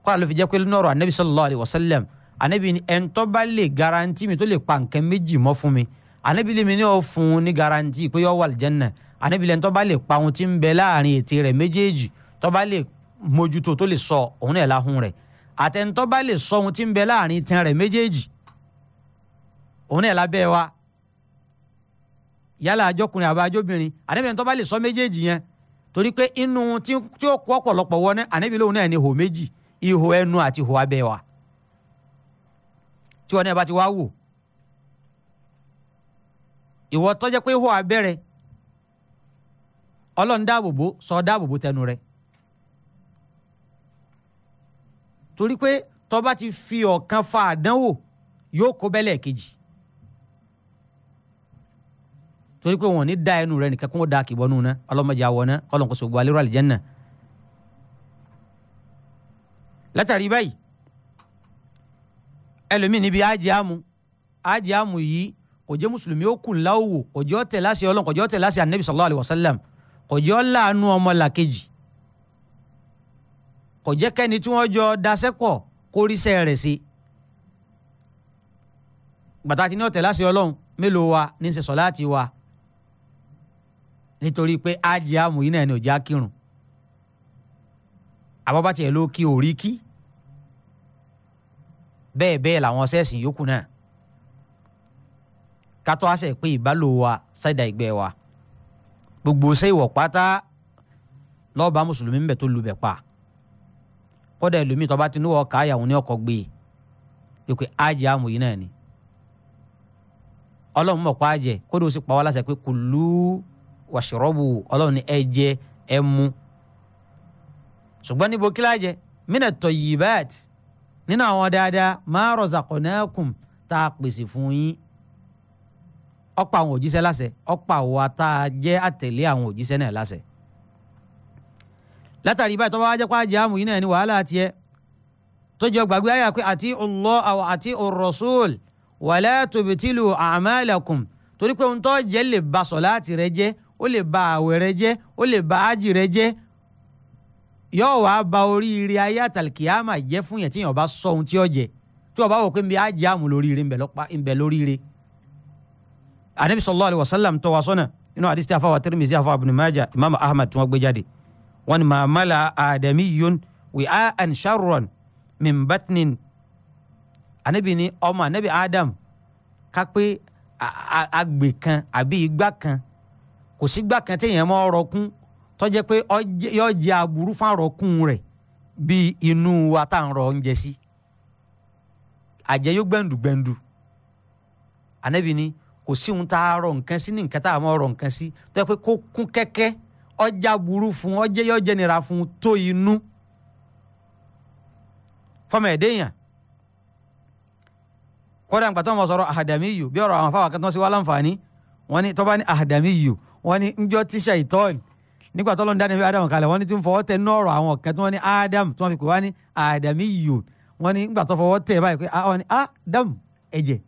kó àlọ́ fi jẹ́ pé lọ́rọ̀ anabi sallallahu alayhi wa sallam anabi ni ẹn tó bá lè garanti mi tó lè pa nǹkan méjì mọ́ fún mi anabi lè mi ní ọ̀fun ní garanti pé yọ wà lìjẹ́nà anabi lẹ́n tó bá lè pa ohun tí ń bẹ láàrin ètè rẹ̀ méjèèjì tó bá lè mójútó tó lè sọ òun náà láhùn rẹ̀ àtẹ̀ntọ́ bá lè sọ ohun tí ń bẹ láàrin itan rẹ̀ méjèèjì òun náà lábẹ́ wa yálà àjọkùnrin àbá àjọbìnrin ànábì tó bá lè sọ méjèèjì yẹn torí pé inú tí ó kó ọ̀pọ̀lọpọ̀ wọ náà ànábì náà ní ihò méjì ihò ẹnu àti ihò abẹ́ wa tí wọn náà bá ti wá wò ìwọ tó pé ihò ọlọ́run dáàbòbò sọ dáàbòbò fi ọ̀kan fa àdánwò yóò kó bẹ́lẹ̀ kejì torí pé wọn ò ní da ẹnu rẹ nìkan kí wọn da kìbọn nù náà ọlọmọdé àwọn náà ọlọmọkòso gbọ alérò àlìjẹnà. látàrí báyìí ẹlòmíì níbi ájì àmú ájì àmú yìí kò jẹ́ mùsùlùmí ó kùn láwò kò jẹ́ ọ̀tẹ̀ láṣẹ ọlọ́run kò jẹ́ ọ̀tẹ̀ láṣẹ anabi sallallahu alayhi wa sallam kò jẹ́ ọ̀làánú ọmọ làkejì kò jẹ́ kẹ́ni tí wọ́n jọ daṣẹ́pọ̀ kóríṣẹ́ rẹ̀ sí gbàtà tí ní ọ̀tẹ̀ láṣẹ ọlọ́run mélòó wa ní ṣe sọ̀láàtì wa nítorí pé ájì àmù yìí náà ni òjá kírun àbábá tiẹ̀ ló kí orí kí bẹ́ẹ̀ bẹ́ẹ̀ làwọn sẹ́ẹ̀sìn yòókù náà kátó àṣẹ pé ìbálò wa ṣẹ̀dá ìgbẹ́ wa gbogbo ṣé ìwọ̀ pátá lọ́ọ̀bá mùsùlùmí ń bẹ̀ tó lubẹ̀ pa kódà ẹlòmíì tó bá ti níwọ̀ ká àyàwó ní ọkọ̀ gbé e pé ájì àmù yìí náà ni ọlọ́run mọ̀ pa á jẹ kódà ó sì pa wá láṣẹ pé kùlú wàṣọrọbù Ọlọ́run ní ẹ jẹ ẹ mu ṣùgbọ́n níbo kí lájẹ mina tọyìbáàt nínú àwọn dáadáa máa rọzàkọnẹkùn tá a pèsè fún yín ọ̀pọ̀ àwọn òjíṣẹ́ láṣẹ ọ̀pọ̀ àwọn ata jẹ́ àtẹ̀lé àwọn òjíṣẹ́ náà láṣẹ látàrí báyìí tọ́ba wá jẹ́ pàjẹ́ àmú yìí náà ni wàhálà tiẹ̀ tó jẹ́ gbàgbé àyà pé àti Allah àti ar-Rasul wala tubtilu torí pé ohun tó jẹ́ lè ba sọ̀láàtì rẹ jẹ́ ó lè ba àwẹ̀ rẹ jẹ́ ó lè ba ájì rẹ jẹ́ yóò wá ba oríire ayé àtàlìkìyàmà jẹ́ fún yẹn tí yẹn bá sọ ohun tí ó jẹ tí ó bá wò pé ń bẹ ájì àmú lóríire ń bẹ lóríire. anabi sallallahu alayhi wa sallam tọ́ wa sọ́nà inú hadith tí a fọ wa Tirmidhi a fọ Ibn Majah imaamu ahmed tí wọ́n gbé jáde wọ́n ní ma mala adamiyyun wi'aan sharran min batnin anabi ni ọmọ anabi adam kápẹ́ àgbè kan àbí igbá kan kò sígbà kan téèyàn mọ́ ọrọ̀kún tó jẹ́ pé yọ jẹ́ aburú fún àrọ̀kún rẹ̀ bíi inú wa tá à ń rọ oúnjẹ sí àjẹyó gbẹ̀ǹdùgbẹ̀ǹdù ànábì ni kò sí ohun tá a rọ nǹkan sí ní nǹkan tá a mọ́ rọ nǹkan sí tó pé kó kún kẹ́kẹ́ ọjà burú fún ọjẹ́ yọ jẹ́ fún tó inú fọmọ ẹ̀dẹ́yàn kódà ń gbà tó ń bọ̀ sọ̀rọ̀ àhàdàmíyù bí ọ̀rọ̀ àwọn afáwà kan tó ń ṣe wá wọ́n ní tó bá ní àhàdàmíyù wọ́n ní njọ́ tíṣà ìtọ́ọ̀nì nígbà tọ́lọ́ ń dá níbi ádámù kalẹ̀ wọ́n ní tí ń fọwọ́ tẹ nọ́ọ̀rọ̀ àwọn kan tí wọ́n ní ádámù tí wọ́n fi pè wá ní ádámì yìí wọ́n ní nígbà tó fọwọ́ tẹ báyìí pé ah, wọ́n ní ádámù ah, ẹ̀jẹ̀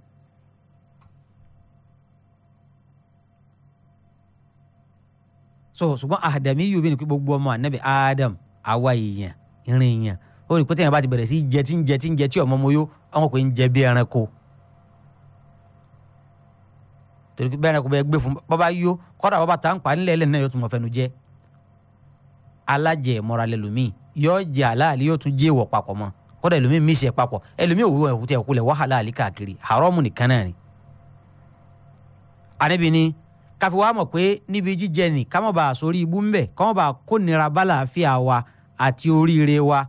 so ṣùgbọ́n àdàmí yóò bí ni pé gbogbo ọmọ ànábì adam àwa èèyàn ìrìn èèyàn ó rí i pé téèyàn bá ti bẹ̀rẹ̀ sí jẹ tí ń jẹ tí ń jẹ ọmọ kò ń jẹ bí ẹranko torí pé bẹ́ẹ̀ kò bẹ́ẹ̀ gbé fún bàbá yó kọ́dà bàbá tá à ń pa nílẹ̀ ẹlẹ́ni náà yóò tún mọ̀ fẹ́nu jẹ́ alájẹ mọ́ra lẹ́lòmíì yóò jẹ́ aláàlí yóò tún jẹ́ ìwọ̀ papọ̀ mọ́ kọ́dà ẹlòmíì mí ṣe papọ̀ ẹlòmíì òwúrọ̀ ẹ̀kú tẹ̀ kulẹ̀ wàhálà àlí káàkiri haramu nìkan náà ni. àníbi ni káfí wa mọ̀ pé níbi jíjẹ ni ká má bàa sórí ibú ń bẹ̀ ká má bàa kó nira bálàáfíà wa àti oríire wa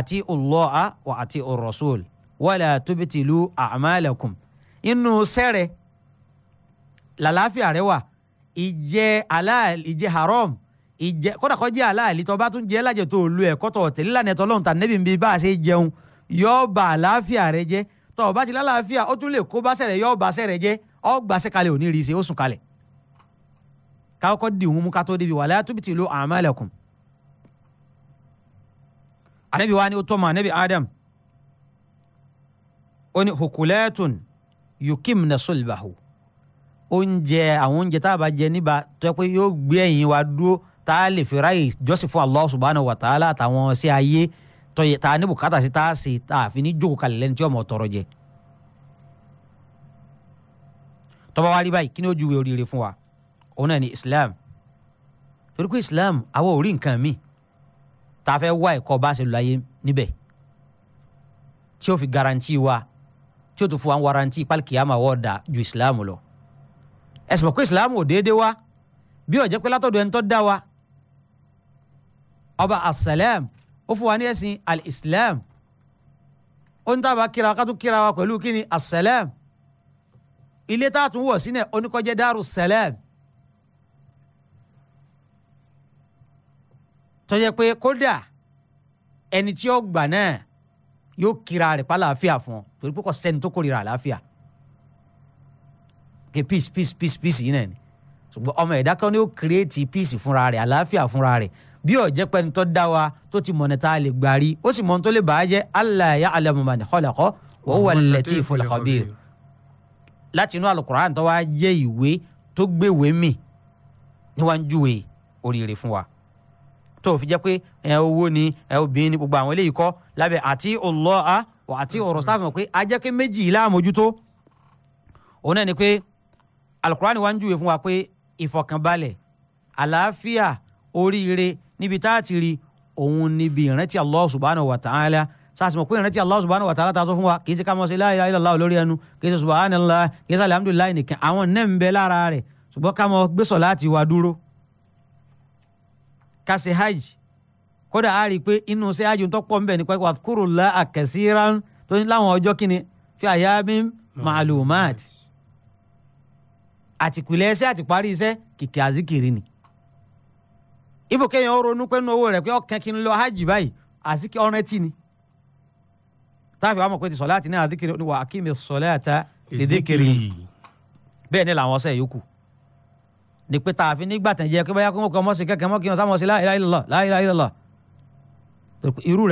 àti Allah wa àti ar-Rasul wala tubtilu a'malakum inú sẹ́rẹ̀ẹ́ làlàáfíà rẹ wà ìjẹ halal ìjẹ haram ìjẹ kódà kó jẹ́ halal tó bá tún jẹ́ lájẹ tó lu ẹ̀kọ́ tó tẹ̀lé lànà ẹ̀tọ́ lọ́hùn tà nẹ́bí bíi bá a ṣe jẹun yóò ba àlàáfíà rẹ jẹ́ tó bá ti lálàáfíà ó tún lè kó bá sẹ̀rẹ̀ yóò ba sẹ̀rẹ̀ jẹ́ ó gbà sẹ́kalẹ̀ ò ní rí i ṣe ó sùn kalẹ̀ kákọ́ dìhun mú kátó débi wala tubtilu a'malakum anabi wa ni utoma anabi adam oni hukulatun yukimna sulbahu oúnjẹ àwọn oúnjẹ tá a bá jẹ níbà tó yẹ pé yóò gbé ẹ̀yìn wa dúró tá a lè fi ráyè jọ́sìn fún Allah subhanahu wa ta'ala àtàwọn sí ayé tọ́yẹ tá a ní bùkátà sí tá a sì tá a fi ní jókòó kalẹ̀ lẹ́ni tí ọmọ tọrọ jẹ. tó bá wá rí báyìí kí ni ó júwe oríire fún wa òun náà ni Islam torí pé Islam àwọn ò rí nǹkan mi, tá a fẹ́ wá ẹ̀kọ́ bá a ṣe lọ ayé níbẹ̀ tí ó fi garanti wa tí ó tún fún wa ń waranti pálíkì àmàwọ̀ ọ̀dà ju Islam lọ ẹ sì mọ̀ pé ìsìláàmù bí ó jẹ́ pé ẹni tó dá wa ọba asàlẹ́m ó fún wa ní ẹ̀sìn alìsílẹ́m ó ń tábà kíra wa ká tún kíra wa pẹ̀lú kíni asàlẹ́m ilé tá a tún wọ̀ sínú ẹ̀ oníkọ́jẹ́ dárú sàlẹ́m tó jẹ́ pé kódà ẹni tí ó gbà náà yóò kíra rẹ̀ pálàáfíà fún un torí pé kò sẹ́ni tó kórìíra àlàáfíà kí peace peace peace peace yìí náà ni ṣùgbọ́n ọmọ ẹ̀dá kan ni ó kírètì peace fúnra rẹ̀ àlàáfíà fúnra rẹ̀ bí ọ̀jẹ́ pẹ́ni tó dá wa tó ti mọ̀nà tá a lè gbà rí ó sì mọ̀ tó lè bàá jẹ́ Allah ya'lamu man khalaqa wa huwa al-latiful khabir láti inú alukur'an tó wá jẹ́ ìwé tó gbéwèé mì níwájú oríire fún wa tó fi jẹ́ pé ẹ owó ni ẹ obìnrin ni gbogbo àwọn eléyìí kọ́ lábẹ́ àti Allah àti ọ̀rọ̀ sáfihàn pé ajẹ́kẹ́ méjì láàmójútó òun náà ni pé alukurani wa ń júwe fún wa pé ìfọ̀kànbalẹ̀ àlàáfíà oríire níbi tá a ti rí òun níbi ìrántí allah subhanahu wa ta'ala sàṣìmọ̀ pé ìrántí Allah subhanahu wa ta'ala ta sọ fún wa kì í ṣe ká mọ̀ sí la ilaha illallah lórí ẹnu kì í ṣe subhanallah kì í ṣe alhamdulillah nìkan àwọn náà ń bẹ lára rẹ̀ ṣùgbọ́n ká mọ̀ gbèsò láti wà dúró. ká hajj kódà á rí i pé inú ṣe hajj tó pọ̀ nbẹ̀ nípa wazkurullaha kasiran tó ní láwọn ọjọ́ kìíní fi ayamin ma'lumat àtìpìlẹ̀ iṣẹ́ àtìparí iṣẹ́ kìkì àzíkiri ni ifo kéèyàn ó ronú pé nínú owó rẹ̀ pé ọkàn kí n lọ hajj báyìí àzíkiri ọ̀rẹ́ tì ni táàfin wa mọ̀ pé ti sọ̀lá àti ní àzíkiri ni wà á kí mi sọ̀lá àta ìdíkiri bẹ́ẹ̀ ni làwọn ọ̀sẹ̀ yòókù ni pé tààfin nígbà tẹ̀ jẹ́ pé báyà kó kọ́ mọ́sí kẹ́kẹ́ mọ́ kí wọn sámọ́sí la ilaha illallah irú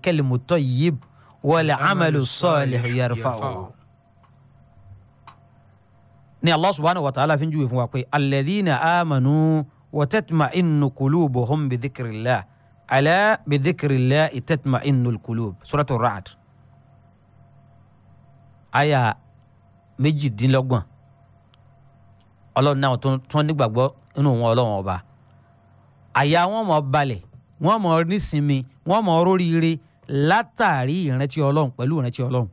rẹ̀ wal amalu salihu yarfa'u ni Allah subhanahu wa ta'ala fi ń júwe fún wa pé alladhina amanu wa tatma'innu qulubuhum bi dhikrillah ala bi dhikrillah tatma'innu al-qulub suratu ra'd aya méjìdínlọ́gbọ̀n ọlọ́run náà tó ń nígbàgbọ́ nínú wọn ọlọ́run ọba àyà wọn mọ̀ balẹ̀ wọn mọ̀ nísinmi wọn mọ̀ róríire látàrí ìrántí ọlọ́run pẹ̀lú ìrántí ọlọ́run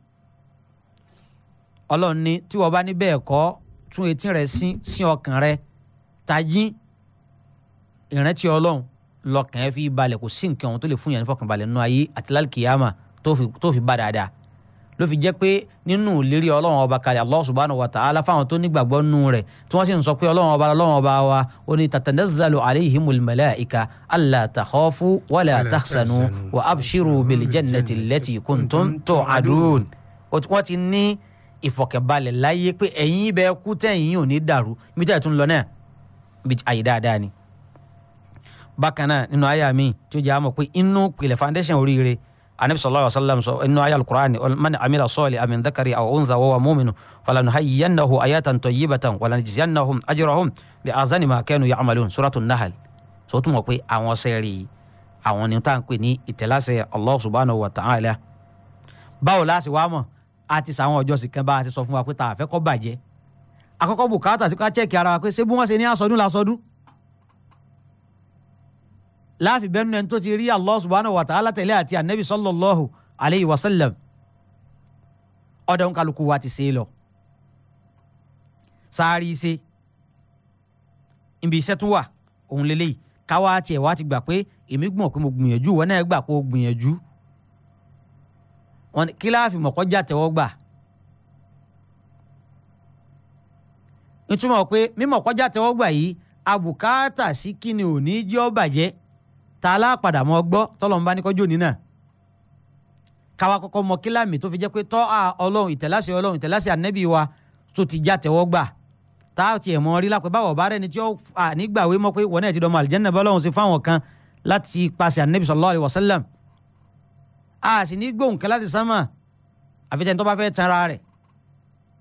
ọlọ́run ni tí wọ́n bá ní bẹ́ẹ̀ kọ́ tún etí rẹ̀ sí sí ọkàn rẹ̀ tají ìrántí ọlọ́run lọ́kàn ẹ̀ fi balẹ̀ kò sí nǹkan ohun tó lè fún yẹn ní fọkànbalẹ̀ nínú ayé àti lálùkìyàmà tó fi bá dáadáa ló fi jẹ́ pé nínú ìlérí ọlọ́run ọba kalẹ̀ allah subhanahu wa ta'ala fáwọn tó nígbàgbọ́ nù rẹ̀ tí wọ́n sì ń sọ pé ọlọ́run ọba ọlọ́run ọba wa ó ní tatanazzalu alayhimul malaika alla takhafu wala tahsanu wa abshiru bil jannati allati kuntum tu'adun. wọ́n ti ní ìfọ̀kẹ̀balẹ̀ láyé pé ẹ̀yin ibẹ̀ kú tẹ̀yìn ò ní dàrú ibi tí tún lọ náà àyè dáadáa ni. bákan náà nínú àyà mi tó jẹ́ àmọ̀ pé inú pìlẹ̀ foundation oríire anabi sallallahu alaihi wasallam sọ inú ayé alukur'ani man amila sọ́ọ̀lì amin dakari aw unza wa huwa mu'minu falanu hayyannahu ayatan tayyibatan walanu jiziyannahum ajrahum bi azani ma kanu ya'malun suratu nahal so tún mọ̀ pé àwọn sẹ́ẹ̀rì àwọn ni tá à ń pè ní ìtẹ̀láṣẹ allah subhanahu wa ta'ala báwo láti wá mọ̀ a ti sàwọn ọjọ́ sì kan bá a ti sọ fún wa pé tá a fẹ́ kó bàjẹ́ àkọ́kọ́ bùkátà sí ká chẹ́ẹ̀kì ara wa pé ṣé bí wọ́n ṣe ní àsọdún làsọdún láàfin bẹ́ẹ̀ nínú ẹni tó ti rí Allah subhanahu wa ta'ala tẹ̀lé àti anabi sallallahu alayhi wa sallam ọ̀dọ̀ ń kálukú wa ti ṣe é lọ sáárì ṣe ibi iṣẹ́ tó wà òun lélẹ́yìí káwá tiẹ̀ wá ti gbà pé èmi gbọ̀n pé mo gbìyànjú wọn náà gbà pé o gbìyànjú wọn kí láàfin mọ̀kọ́jà tẹ́wọ́ gbà nítumọ̀ pé mímọ̀kọ́jà tẹ́wọ́ gbà yìí àbùkátà sí kíni ò ní jẹ́ ó bàjẹ́ ta la padà mọ́ gbọ́ tọ́lọ́mù bá ní kọ́jọ́ nínà káwa kọ́kọ́ mọ kílámì tó fi jẹ́ pé tọ́ a ọlọ́run ìtẹ̀láṣẹ ọlọ́run ìtẹ̀láṣẹ ànẹ́bí wa tó ti já tẹ̀wọ́ gbà tá a tiẹ̀ mọ rí lápẹ́ báwọ̀ bá rẹ̀ ni tí ó nígbàwé mọ́ pé wọ́n náà ti dọ́mọ àlìjẹ́nà bọ́lọ́run sí fáwọn kan láti paṣẹ ànẹ́bí sallallahu alaihi wasallam a sì ní gbóhùn kan láti sánmà àfi tẹ́ni tó bá fẹ́ tanra rẹ̀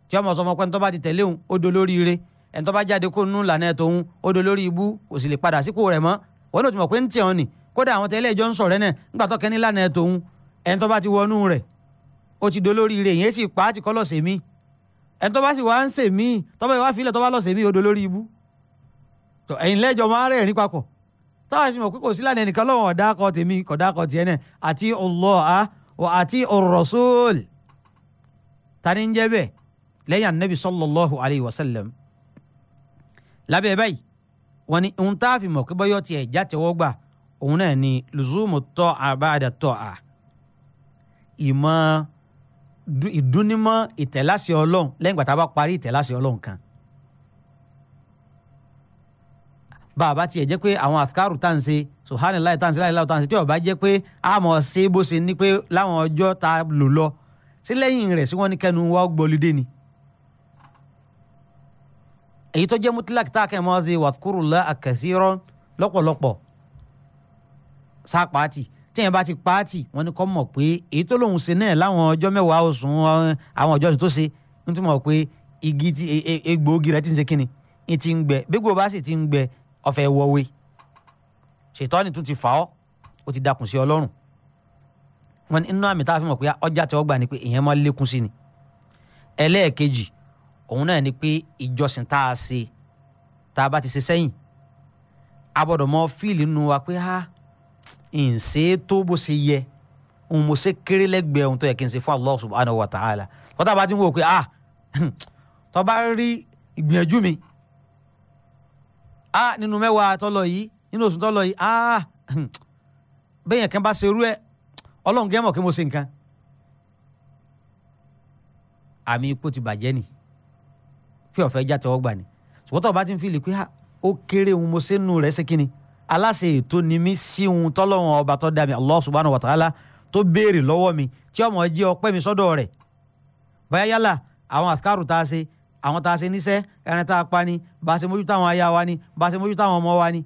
tí ọmọ sọmọ pé ní tó bá wọn náà ti mọ̀ pé ń tẹ̀ ọ́ ni kódà àwọn tẹ́lẹ̀ ìjọ ń sọ̀rẹ́ náà nígbà tó kẹ́ni lánàá tòun bá ti wọnú rẹ̀ ó ti dolóríire yẹn sì pa á ti kọ́ bá sì wá ń bá wá filẹ̀ bá ó dolórí ibú ẹ̀yin lẹ́jọ́ máa rẹ̀ papọ̀ sì mọ̀ pé kò sí lánàá ẹnìkan lọ́wọ́ ọ̀dà kọ wọn ni ohun tá a fi mọ̀ pé bọ́yọ̀ tiẹ̀ já tẹ̀wọ́ gbà òun náà ni lùzúmù tọ́ àbáàdà tọ́ à ìmọ̀ ìdúnímọ̀ ìtẹ̀láṣẹ ọlọ́run lẹ́yìn ìgbà tá a bá parí ìtẹ̀láṣẹ ọlọ́run kan. bá a bá tiẹ̀ jẹ́ pé àwọn àfikárù tá à ń ṣe subhanallah tá à ń ṣe láìláwọ̀ tá à ń ṣe tí ó bá jẹ́ pé a mọ̀ ṣe bó ṣe ní pé láwọn ọjọ́ tá lò lọ sí rẹ̀ sí wọ́n ní kẹnu wá gbọ́lídé ni èyí tó jẹ́ mutlak tá a kẹ́ mọ́ ṣe wàkúrúlá àkàṣírọ́ lọ́pọ̀lọpọ̀ sá pàtì tíyẹn bá ti pàtì wọn ni kọ́ mọ̀ pé èyí tó lòun ṣe náà láwọn ọjọ́ mẹ́wàá oṣù àwọn ọjọ́ tó ṣe ń túmọ̀ pé igi ti e, e, egbòogi rẹ ti ń ṣe kíni ń ti ń gbẹ gbégbó bá sì ti ń gbẹ ọ̀fẹ́ wọ̀wé ṣètọ́ni tún ti fà ọ́ ó ti dakùn sí ọlọ́run wọn inú àmì tá a fi mọ̀ pé ọjà tí wọ́n gbà ni pé èèyàn máa lékún sí ni ẹlẹ́ẹ̀kejì òun náà ni pé ìjọsìn tá a ṣe tá a bá ti ṣe sẹ́yìn a gbọ́dọ̀ mọ fíìlì nínú wa pé ha n ṣe é tó bó ṣe yẹ n mo ṣe kéré lẹ́gbẹ̀ẹ́ ohun tó yẹ kí n ṣe fún Allah subhanahu wa ta'ala tọ́tà bá ti ń wò pé ah tó bá rí ìgbìyànjú mi ah nínú mẹ́wàá tó lọ yìí nínú oṣù tó yìí ah bẹ́ẹ̀ yẹn kan bá ṣe irú ẹ̀ ọlọ́run gẹ́mọ̀ kí mo ṣe nǹkan àmì ipò ti bàjẹ́ nìyí pé ọ̀fẹ́ já tẹ́wọ́ gbà ni ṣùgbọ́n tọ́ọ̀ bá ti ń fìlì pé ah, ó kéré òun mo ṣe nù rẹ̀ ṣe kíni aláṣẹ ètò ni mí sí òun tọ́lọ́run ọba tó dá mi Allah subhanahu wa ta'ala tó béèrè lọ́wọ́ mi tí ọmọ jẹ́ ọpẹ́ mi sọ́dọ̀ rẹ̀ báyá yálà àwọn àfikàrù tá a ṣe àwọn tá a ṣe níṣẹ́ ẹran tá a pa ni bá a ṣe mójútó àwọn aya wa ni bá a ṣe mójútó àwọn ọmọ wa ni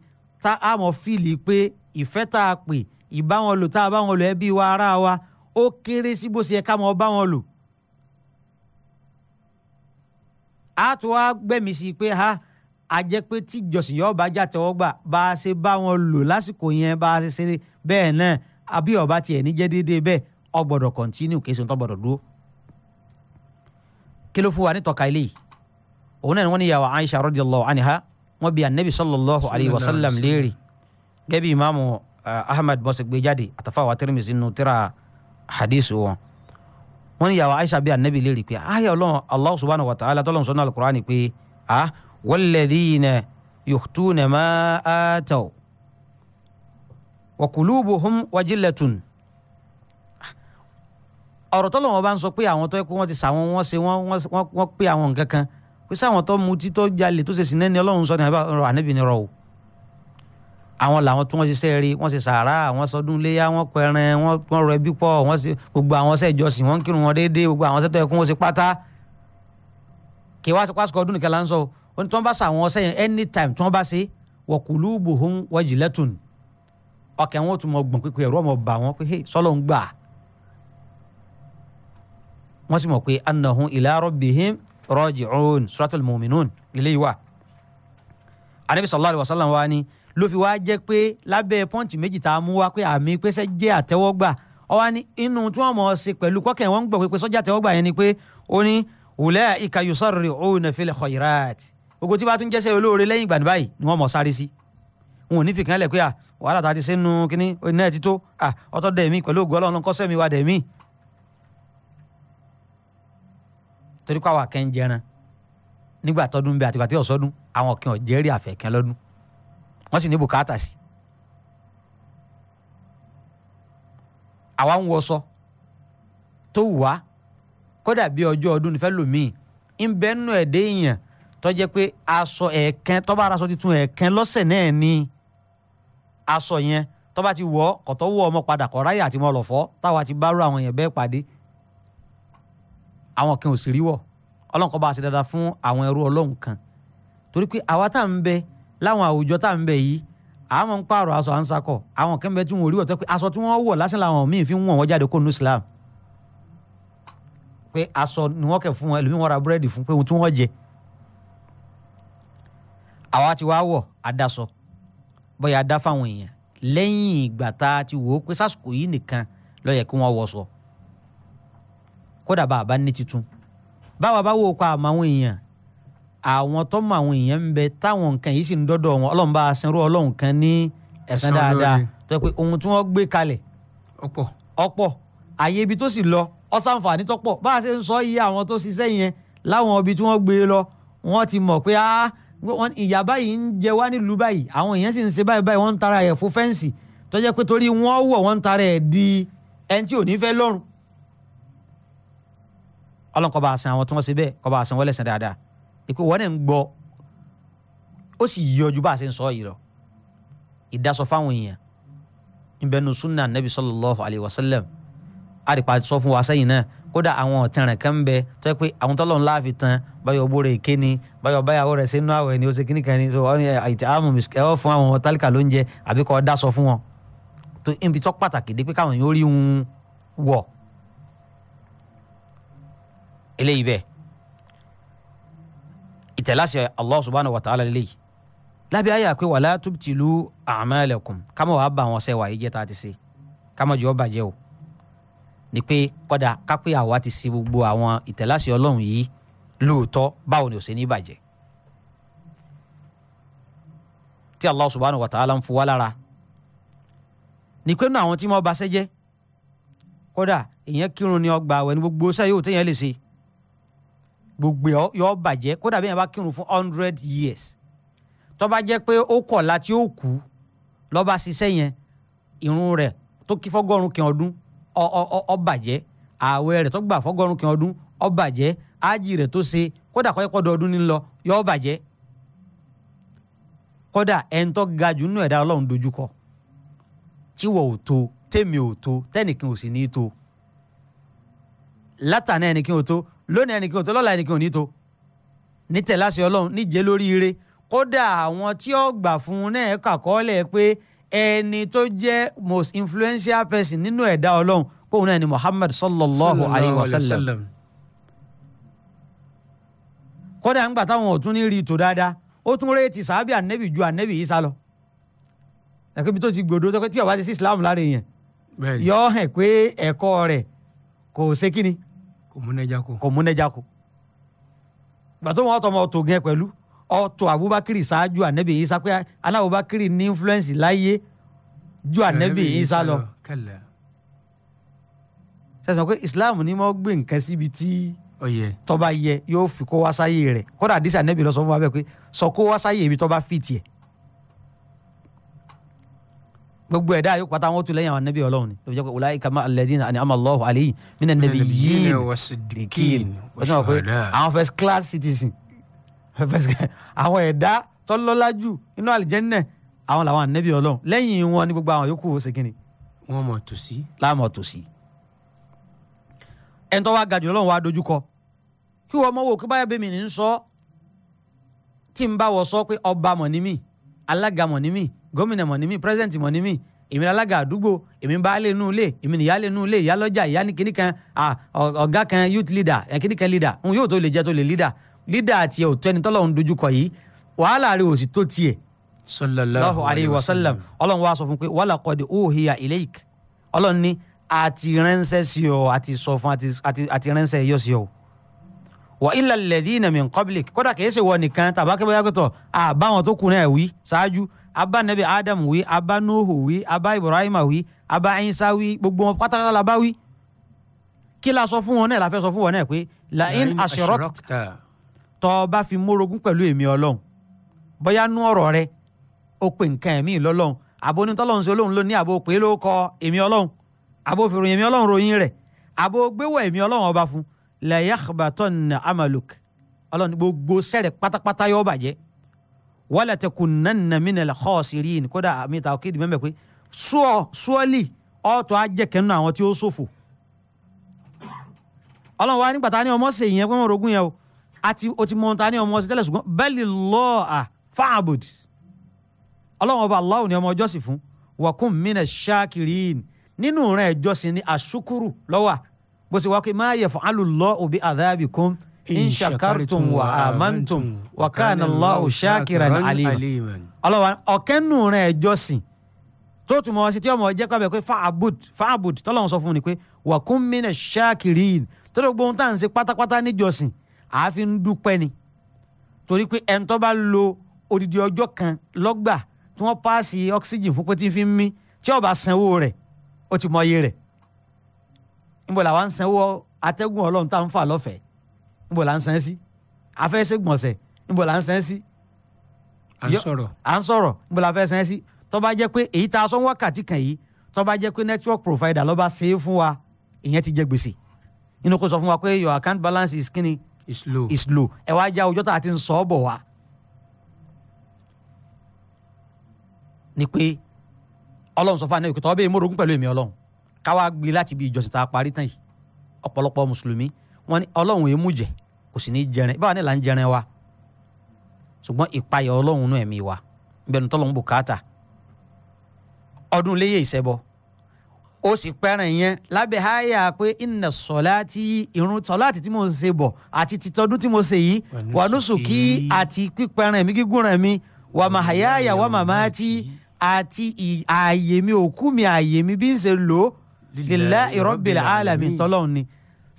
tá a mọ̀ fìlì pé ìfẹ́ tá a pè ìbáwọn lò tá a báwọn lò ẹbí wa ará wa ó kéré sí bó ká mọ̀ báwọn lò a tó wá gbẹ̀mí sí pé ha a jẹ́ pé tí ìjọsìn yóò bá jàtẹ́wọ́ gbà bá a ṣe bá wọn lò lásìkò yẹn bá a ṣe ṣe bẹ́ẹ̀ náà àbí ọba tiẹ̀ níjẹ́ déédéé bẹ́ẹ̀ ọ gbọ́dọ̀ kọ̀ntínú kí esun tó gbọ́dọ̀ dúró. kí ló fún wa ní tọ́ka ilé yìí òun náà ni wọ́n ní yàwó Aisha radiyallahu anha wọ́n bi anabi sallallahu alayhi wa sallam léèrè gẹ́bí imaamu eh, Ahmad bọ́sẹ̀ gbé jáde àtàfà wa Tirmidhi nù tíra hadith wọn wọ́n ní yàwó aisha bí anabi lè rí pé ayé ah, ọlọ́run allah subhanahu wa ta'ala tọ́lọ́run sọ́nà alukur'ani pé a ah, walladhina yukhtuna ma ataw wa qulubuhum wajilatun ah, ọ̀rọ̀ tọ́lọ́run bá ń sọ pé àwọn tó yẹ kó wọ́n ti sàwọn wọ́n ṣe wọ́n pé àwọn nǹkan kan pé sáwọn tó mutí tó jalè tó ṣe sinẹ́ni ọlọ́run sọ ní àbá anabi ni rọ o àwọn làwọn tí wọ́n ṣiṣẹ́ rí wọ́n ṣe sàárà wọ́n sọdún léyà wọ́n pẹran wọ́n rọ ẹbí pọ̀ wọ́n ṣe gbogbo àwọn ṣe ìjọsìn wọ́n kírun wọn déédéé gbogbo àwọn ṣètò ẹkún wọn ṣe pátá kí wọ́n pásítọ̀ ọdún nìkan là ń sọ ó ní tí wọ́n bá ṣàwọn ọṣẹ yẹn anytime tí wọ́n bá ṣe wọ́n kù lúùbù hún wọ́n jìlẹ̀ tùn ọkẹ́ wọn tún mọ gbọ̀n pípé ẹ̀rọ ọmọ bà wọ́n pé sọ́lọ́ ń gbà wọ́n sì mọ̀ pé annahum ila rabbihim raji'un suratul mu'minun ló fi wá jẹ́ pé lábẹ́ pọ́ǹtì méjì tá a mú wá pé àmì pẹ́sẹ́ jẹ́ àtẹ́wọ́gbà ọwá ní inú tí wọ́n mọ̀ ọ́ sí pẹ̀lú kọ́kẹ́ wọn gbọ̀ pé sọ́jà àtẹ́wọ́gbà yẹn ni pé ó ní wùlẹ́ ìka yusọ̀rì òun fil khairat gbogbo tí bá tún jẹ́sẹ̀ olóore lẹ́yìn ìgbà báyìí ni wọ́n mọ̀ sáré sí wọn ò ní fìkan lẹ̀ pé à ah, wàhálà tá a ti ṣe nu kínní iná ẹ̀ ti tó à ah, ọtọ́ dẹ̀ mí pẹ̀lú ògùn ọlọ́run kọ́sẹ́ mi wà dẹ̀ mí. torí pé akẹ́ ń jẹran nígbà tọdún bẹ àtìgbà tí ọ̀sọ́dún àwọn kẹ́ ọ̀jẹ́rì àfẹ́kẹ́ lọ́dún wọ́n sì ní bùkátà sí àwa ń wọṣọ tó wù wá kódà bí ọjọ́ ọdún nífẹ̀ẹ́ lòmíì ń bẹ́ nù ẹ̀dẹ́ èèyàn tó jẹ́ pé aṣọ ẹ̀ẹ̀kan tó bá aṣọ tuntun ẹ̀ẹ̀kan lọ́sẹ̀ náà ni aṣọ yẹn tó bá ti wọ̀ ọ́ kọ̀tọ́ wọ ọmọ padà kọ̀ ráyè àti mọ̀lọ́fọ́ táwa ti bá rú àwọn èèyàn bẹ́ẹ̀ pàdé àwọn kan ò sì rí wọ̀ ọlọ́run bá a ṣe dáadáa fún àwọn ẹrú ọlọ́run kan torí pé àwa tá à ń bẹ láwọn àwùjọ tá à ń bẹ yìí àwọn ń pààrọ̀ aṣọ à ń sakọ̀ àwọn kẹ́mbẹ́ tí wọn ò rí ọ̀tọ́ pé aṣọ tí wọ́n wọ̀ lásán làwọn míì fi ń wọ̀n wọ́n jáde kó nu Islam pé aṣọ ni wọ́n kẹ̀ fún wọn ẹlòmíì wọ́n ra búrẹ́dì fún pé ohun tí wọ́n jẹ àwa ti wá wọ̀ adásọ bóyá adá fáwọn èèyàn lẹ́yìn ìgbà tá a ti wò ó pé sásìkò yìí nìkan ló yẹ kí wọ́n wọṣọ kódà bá a bá ní titun báwa bá wò ó pa àmọ́ àwọn èèyàn àwọn tó mọ àwọn èèyàn ń bẹ táwọn nǹkan yìí sì ń dọ́dọ̀ wọn ọlọ́run bá aṣẹ́rú ọlọ́run kan ní ẹ̀sán dáadáa tó yẹ pé ohun tí wọ́n gbé kalẹ̀ ọ̀pọ̀ ọ̀pọ̀ àyè ibi tó sì lọ ọ̀sánfààní tó pọ̀ bá a ṣe ń sọ iye àwọn tó ṣiṣẹ́ yẹn láwọn ibi tí wọ́n gbé e lọ wọ́n ti mọ̀ pé ah ìyá báyìí ń jẹ wá nílùú báyìí àwọn èèyàn sì ń ṣe báyìí báyìí wọ́n ń tara ẹ̀ fún fẹ́ǹsì tó jẹ́ pé torí wọ́n wọ̀ wọ́n ń tara ẹ̀ di ẹni tí ò ní fẹ́ lọ́rùn ọlọ́run kó bá a san àwọn tí wọ́n ṣe bẹ́ẹ̀ kó bá a san dáadáa ìpè wọn náà ń gbọ́ ó sì yọjú bá a ṣe ń sọ yìí lọ ìdásọ fáwọn èèyàn ìbẹnu sunna nabi sallallahu alayhi wa sallam àdìpá sọ fún wa sẹ́yìn náà kódà àwọn ọ̀tẹ̀rìn kan ń bẹ tó yẹ pé àwọn tọ́lọ̀ ńlá fi tan báyọ̀ owó rẹ̀ ké ni báyọ̀ báyàwó rẹ̀ sínú àwẹ̀ ni ó ṣe kíní kan ni wọ́n àìtí àmọ̀ mìsíkẹ́ ọ̀ fún àwọn tálíkà ló ń jẹ àbí kọ́ dasọ fún wọn tó ibi tó pàtàkì dé pé káwọn yóò rí wọn wọ̀ eléyìí bẹ́ẹ̀ ìtẹ̀láṣẹ Allah subhanahu wa ta'ala lè yìí lábẹ́ àyà pé wala tubtilu a'malakum kámá wàá bá àwọn sẹ́wà yìí jẹ́ tá a ti ṣe kámá jọ bàjẹ́ o ni pé kọ́dà kápẹ́ àwa ti ṣe gbogbo àwọn ìtẹ̀láṣẹ ọlọ́run yìí lóòótọ́ báwo ni ò ṣe ní bàjẹ́ tí Allah subhanahu wa ta'ala ń fowá lára ni pé nínú àwọn tí wọ́n bá ṣẹ́jẹ́ kódà èèyàn kírun ni ọgbà àwẹ̀ ni gbogbo sẹ́yìn ò téèyàn lè ṣe gbogbo yọ bàjẹ́ kódà bí yẹn bá kírun fún hundred years tó bá jẹ́ pé ó kọ̀ láti ó kú ló bá ṣiṣẹ́ yẹn irun rẹ̀ tó kí fọ́gọ́rùn kí ọdún ó bàjẹ́ ààwẹ̀ rẹ̀ tó gbà fọ́gọ́rùn kí ọdún ó bàjẹ́ ájì rẹ̀ tó ṣe kódà kọ́ ẹ̀kọ́ ọdún ní lọ yọ bàjẹ́ kódà ẹni tó ga jù nínú ẹ̀dá ọlọ́run dojúkọ tí ò tó tèmi ò tó tẹ́nìkan ò sì ní í tó látàná ẹnìkan ò tó lónìí ẹnìkan tó lọ́la ẹnìkan ò ní to ní tẹ̀láṣẹ ọlọ́run níjẹ́ lórí ire kódà àwọn tí ó gbà fún un náà kàkọ́ọ́lẹ̀ pé ẹni tó jẹ́ most influential person nínú ẹ̀dá ọlọ́run kóun náà ni Muhammad sallallahu alayhi wa sallam kódà ń gbà táwọn ọ̀tún ní rí tó dáadáa ó tún réètì sàábì ànẹ́bì ju ànẹ́bì Ìsá lọ ẹ̀kọ́ tó ti gbòdo tó pé tí ó ti sí Islam lára èèyàn yọ hàn pé ẹ̀kọ́ rẹ̀ kò ṣe kíni kò múnẹjá kò. kò múnẹjá kò. ìgbà tó wọn tọmọ ọtò gẹ pẹ̀lú ọtọ Abubakar ṣáájú anabi Isa pé alabubakar ní influence láyé ju anabi Isa lọ. sẹsàn pé Islam ni mo gbé nǹkan síbi tí tọba yẹ yóò fi kó wá sáyé rẹ kódà dísà anabi lọ sọ fún wa bẹ́ẹ̀ pé sọ kó wá sáyé ibi tọba fìtì ẹ gbogbo ẹ̀dá yóò pátá wọn tún lẹ́yìn àwọn nẹ́bí ọlọ́run ni lọ́jọ́ pé ulaika ma alladhina an'ama Allahu alayhim mina nabiyyin wasiddiqin àwọn first class citizen àwọn ẹ̀dá tọ́lọ́lájú inú àlìjẹ́nẹ̀ àwọn làwọn nẹ́bí ọlọ́run lẹ́yìn wọn ni gbogbo àwọn yòókù ó segin ni. wọn mọ tòsí. láàmọ tòsí. ẹni tó wá ga jù lọ́wọ́ wa dojúkọ kí wọ́n mọ wò kí báyọ̀ bẹ́mi ní sọ gómìnà mọ̀ ní mí pírẹsidẹ̀ntì mọ̀ ní mí èmi alága àdúgbò èmi baálé inú ilé èmi nìyálé inú ilé ìyálọ́jà ìyá ní kíní kan ọ̀gá kan youth leader ẹ̀ kíní kan leader òun yóò tó lè jẹ́ tó lè leader leader àti ẹ̀ òtọ́ ẹni tọ́lọ́run dojúkọ yìí wàhálà rẹ̀ ò sì tó tiẹ̀. sallallahu alayhi wa sallam ọlọ́run wa sọ fún pé wàhálà kọ́ di òhìyà ilayk ọlọ́run ní àti ránṣẹ́ sí ọ àti sọ fún àti ránṣẹ́ yọ sí ọ wa illa alladhina min qablik kódà kìí ṣe wọ nìkan tàbákẹ́ bóyá pẹ́tọ̀ àbáwọn tó kù náà wí ṣáájú abá nabi adam wí abá nuhu wí abá ibrahim wí abá isa wí gbogbo wọn pátákátá la bá wí kí la sọ fún wọn náà la fẹ́ sọ fún wọn náà pé la in asirọ́kítà tọ́ ọ bá fi mórogún pẹ̀lú èmi ọlọ́run bóyá nú ọ̀rọ̀ rẹ ó pe nǹkan ẹ̀mí lọ́lọ́run àbó ní tọ́lọ́run sí olóhùn lónìí àbó pé ló kọ èmi ọlọ́run àbó fi èmi ọlọ́run ròyìn rẹ̀ àbó gbéwọ̀ èmi ọlọ́run ọba fún la yakhbatanna amaluk ọlọ́run gbogbo sẹ́rẹ̀ pátápátá yóò bàjẹ́ wala takunanna minal khasirin kódà mi ta kéde mẹ́mẹ́ pé sọ sọ́ọ̀lì ọ̀tọ̀ ajẹ́kẹ́nu àwọn tí ó ṣòfò ọlọ́run wa nígbà tá a ní ọmọ ṣe ìyẹn pé wọ́n rogún yẹn o àti o ti mọ ta ní ọmọ ṣe tẹ́lẹ̀ ṣùgbọ́n bẹ́ẹ̀lì lọ́ọ̀à fáàbùd ọlọ́run ọba aláwọ̀ ni ọmọ ọjọ́sìn fún wọ̀kùn mina ṣáàkìrín nínú rẹ̀ ẹjọ́sìn ní àṣukúrù lọ́wà bó ṣe wá pé má yẹ fún alùlọ́ òbí àdáàbì kún in shakartum wa amantum wa kana Allahu shakiran alima ọlọ́wà ọ̀kẹ́nu rẹ̀ jọ́sìn tó tún mọ̀ ọ́ sí tí ọmọ jẹ́ pàbẹ́ pé fa'abud fa'abud tọ́lọ́run sọ fún ni pé wa kun mina shakirin tó ló gbóhun tá à ń ṣe pátápátá níjọ́sìn àáfi ń dúpẹ́ ni torí pé ẹni tó bá lo odidi ọjọ́ kan lọ́gbà tí wọ́n paasi oxygen fún pé tí fi mí tí ó sanwó rẹ̀ ó ti mọ iye rẹ̀ níbo làwa sanwó atẹ́gùn ọlọ́run tá à ń fà lọ́fẹ̀ẹ́ níbo là ń san sí afẹ́ ṣe gbọ̀nsẹ̀ níbo là ń san sí. à ń sọ̀rọ̀ à ń sọ̀rọ̀ níbo la fẹ́ san sí tó jẹ́ pé èyí tá a sọ wákàtí kan yìí tó jẹ́ pé network provider ló bá ṣe é fún wa ìyẹn ti jẹ gbèsè inú kó sọ fún wa pé your account balance is kíni is low is low ẹ wá já ọjọ́ tá a ti ń sọ ọ́ bọ̀ wá. ni pé ọlọ́run sọ fún àná ìkìtọ́ bẹ́ẹ̀ mórogún pẹ̀lú èmi ọlọ́run káwá gbé láti ibi ìjọsìn tá a parí tán yìí ọ̀pọ̀lọpọ̀ mùsùlùmí wọ́n ní ọlọ́run èémú jẹ kò sì ní jẹrin báwa ní là ń jẹrin wa ṣùgbọ́n ìpayà ọlọ́run náà ẹ̀mí wa ìbẹ̀nu tọ́lọ́run bùkátà ọdún léyè ìṣẹ́bọ ó sì pẹ́ràn yẹn lábẹ́ háyà pé inna sọ̀láàtì irun sọ̀láàtì tí mo ń ṣe bọ̀ àti titọ́dún tí mo ṣe yìí wà nùsùkì àti pípẹ́ràn mi gígùnràn mi wà màháyà wà màmáàtì àti ààyè mi òkú mi ààyè mi bí ń ṣe lò lillahi rabbil alamin tọ́lọ́run ni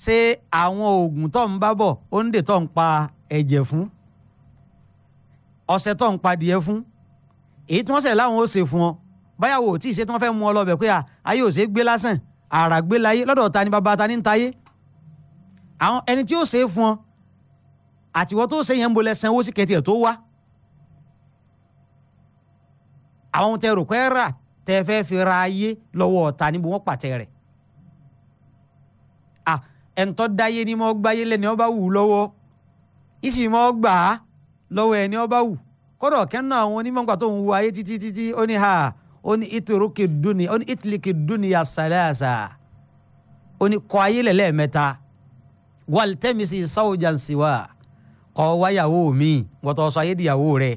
ṣé àwọn oògùn tó ń bá bọ̀ ó ń dè tó ń pa ẹ̀jẹ̀ fún ọ̀sẹ̀ tó ń padìyẹ fún èyí tí wọ́n ṣẹ̀ láwọn ó ṣe fún ọ báyàwó tí ìṣe tí wọ́n fẹ́ mú ọ lọ bẹ̀ pé ayé ò ṣe é gbé lásán àrà gbé láyé lọ́dọ̀ ta ni bàbá ta ni ń tayé àwọn ẹni tí ó ṣe é fún ọ àtiwọ́ tó ṣe yẹn ń bolẹ̀ sanwó sí kẹtì ẹ̀ tó wá àwọn tẹ rò pé rà tẹ fẹ́ fi ra ayé lọ́wọ́ ọ̀tá níbo wọ́n pàtẹ rẹ̀ ẹ̀ńtọ́ dáyé ni mọ́ gbáyé lẹ́ni ọba wù lọ́wọ́ ìsì mọ́ gbà á lọ́wọ́ ẹni ọba wù kọ́dọ̀ kẹ́nu àwọn onímọ̀ǹgbà tó ń wo ayé títí títí ó ní ha ó ní ìtòrókè dúni ó ní ìtìlíkè dúni àṣàlẹ́àṣà ó ní kọ́ ayé lẹ́lẹ́mẹ́ta wàlítẹ́mísì sáwùjànsíwá kọ́ wáyàwó mi wọ́tọ̀ sọ ayé dìyàwó rẹ̀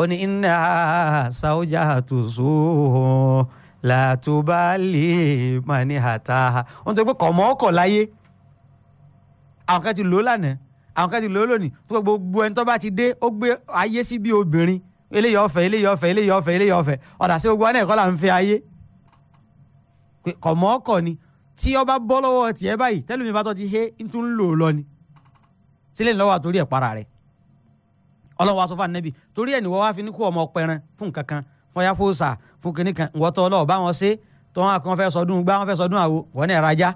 ó ní iná sáwùjà tó sóhùn làtúbálì mani hàtàhà wọ́n tó pé kọ̀mọ́kọ̀ láyé àwọn kan ti lò lánàá àwọn kan ti lò lónìí tó pé gbogbo ẹni tó bá ti dé ó gbé ayé sí bí obìnrin eléyìí ọ̀fẹ́ eléyìí ọ̀fẹ́ eléyìí ọ̀fẹ́ eléyìí ọ̀fẹ́ ọ̀dà sí gbogbo wa náà kọ́ là ń fẹ́ ayé kọ̀mọ́kọ̀ ni tí ọba bọ́ lọ́wọ́ tiẹ̀ báyìí tẹ́lẹ̀ bá tọ́ ti hé ntún ń lò lọ ni sílẹ̀ ń lọ́wọ́ àtòrí ẹ̀ para rẹ̀ ọlọ́wọ́ aṣọ fún anabi torí ẹ̀ ní wá fi ní kó ọmọ pẹran fún nǹkan kan fọyá fóòsà fún kinní kan wọ́n tọ́ ọlọ́ọ̀ bá wọn ṣe tó wọn kàn fẹ́ sọdún gbá wọn fẹ́ sọdún àwo wọn náà rajá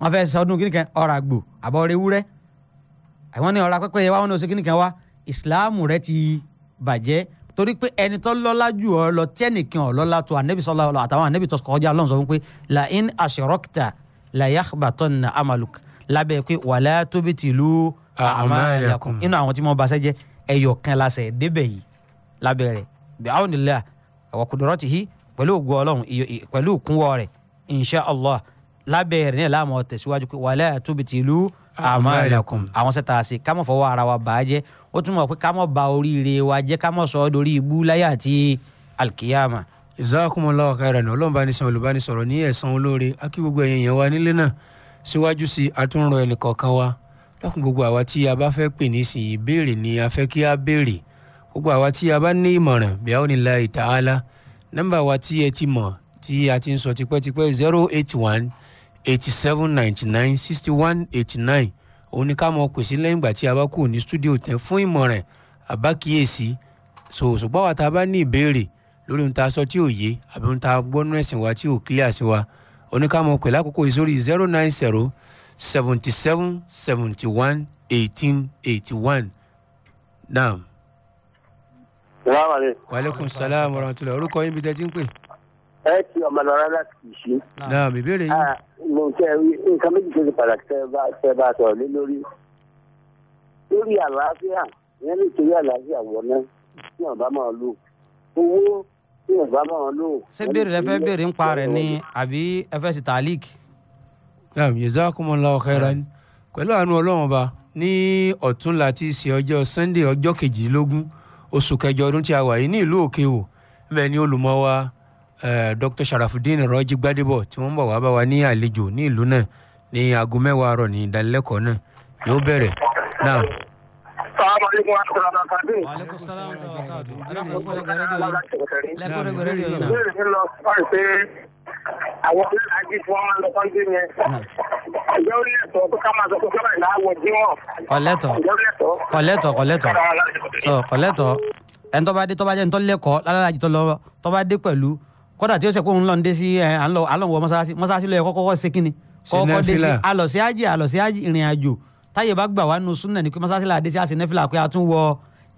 wọn fẹ́ sọdún kinní kan ọ̀rà gbò àbọ̀rẹ̀ ewúrẹ́ àwọn ní ọ̀rà pẹ́pẹ́yẹ wá wọn náà ṣe kinní kan wá ìsìláàmù rẹ ti bàjẹ́ torí pé ẹni tó lọ́lá jù ọ lọ tẹ́nìkan ọ lọ́lá tó anabi sọlá ọ àtàwọn anabi tó kọjá lọ́n sọ fún pé la in ashrokta la yakhbatanna amaluk lábẹ́ pé wàlá tóbi tìlú àmàlẹ́kùn inú àwọn tí wọ́n bá sẹ́jẹ́ ẹ̀yọ̀ lásẹ̀ débẹ̀ yìí lábẹ́ rẹ̀ bí àwọn nílẹ̀ wàkùdùrọ́tìhì pẹ̀lú ògo ọlọ́run pẹ̀lú ìkúnwọ́ rẹ̀ insha allah lábẹ́ rẹ̀ náà láàmú tẹ̀síwájú pé wàlẹ́ àtúbìtì ìlú àmàlẹ́kùn àwọn sẹ́ta àṣẹ kámọ̀ fọwọ́ ara wa bàá jẹ́ ó túmọ̀ pé kámọ̀ ba oríire wa jẹ́ kámọ̀ sọ ọ́ dorí ibú láyé àti alkiyama. jazakumullahu khairan ọlọ́run bá ní san olùbánisọ̀rọ̀ ní ẹ̀san olóore akí gbogbo ẹ̀yin yẹn wa nílé náà síwájú sí àtúnrọ̀ ẹnìkọ̀ọ̀kan wa lákùn gbogbo àwa tí a bá fẹ́ pè ní sí ìbéèrè ni a fẹ́ kí a béèrè gbogbo àwa tí a bá ní ìmọ̀ràn bi'awnillahi ta'ala nọ́mbà wa tí ẹ ti mọ̀ tí a ti ń sọ tipẹ́tipẹ́ zero eight one eighty seven ninety nine sixty one eighty nine òun ni ká mọ pèsè lẹ́yìn ìgbà tí a bá kù ní stúdíò tán fún ìmọ̀ràn àbákíyèsí so ṣùgbọ́n àwa tá a bá ní ìbéèrè lórí ohun tá a sọ tí ò yé àbí ohun tá a gbọ́ nínú ẹ̀sìn wa tí ò clear sí wa oníkàmọ́ pẹ̀lú àkókò yìí sórí zero nine zero seventy seven seventy one eighteen eighty one naam waaleykum salaam wa rahmatulah orúkọ yín bí tẹ́ ti ń pè. ẹ ti ọmọ lọ́ra láti kì í ṣe. náà mi béèrè yín. Ah, nǹkan méjì tó ti pàtàkì tẹ bá sọ̀rọ̀ lé lórí lórí àlàáfíà ìyẹn nítorí àlàáfíà wọ̀nà tí wọn bá máa lò owó tí wọn bá máa lò. ṣé béèrè rẹ fẹ́ béèrè ń pa ni àbí ẹ fẹ́ sí taalik. naam jazakumullahu khairan pẹ̀lú àánú ọlọ́run ọba ní ọ̀túnla tí ṣe ọjọ́ sunday ọjọ́ kejìlélógún oṣù kẹjọ ọdún tí a wà yìí ní ìlú òkè o bẹ́ẹ̀ ni olùmọ̀ wa Dr. Sharafudin Rọ́jí Gbádébọ̀ tí wọ́n ń wá bá wa ní àlejò ní ìlú náà ní aago mẹ́wàá àárọ̀ ní ìdánilẹ́kọ̀ọ́ náà yóò bẹ̀rẹ̀ náà. Aleykum salaam wa rahmatulahi àwọn fúlàní tí wọ́n lọ sọ́ńdé yẹn. ǹjẹ́ ó lẹ́tọ̀ tó ká máa sọ pé kọ́lá ìlà àwọ̀ jí wọn. kọ̀lẹ́tọ̀ kọ̀lẹ́tọ̀ kọ̀lẹ́tọ̀ sọ kọ̀lẹ́tọ̀ ẹni tó bá dé tó bá jẹ́ ní tó lẹ́kọ̀ọ́ lálàjì tó lọ tó bá dé pẹ̀lú kódà tí ó ṣe pé òun lọ ń dé sí àlọ́wọ́ mọ́sáàsì lọ́yẹ̀ kọ́kọ́ ṣe kínni kọ́kọ́ dé sí àlọ́sí ájì àlọ́sí ájì ìrìn àjò táyé bá gbà wá nu súnà ní pé mọ́sáàsì làdé sí àsìnẹ́fìlà pé a tún wọ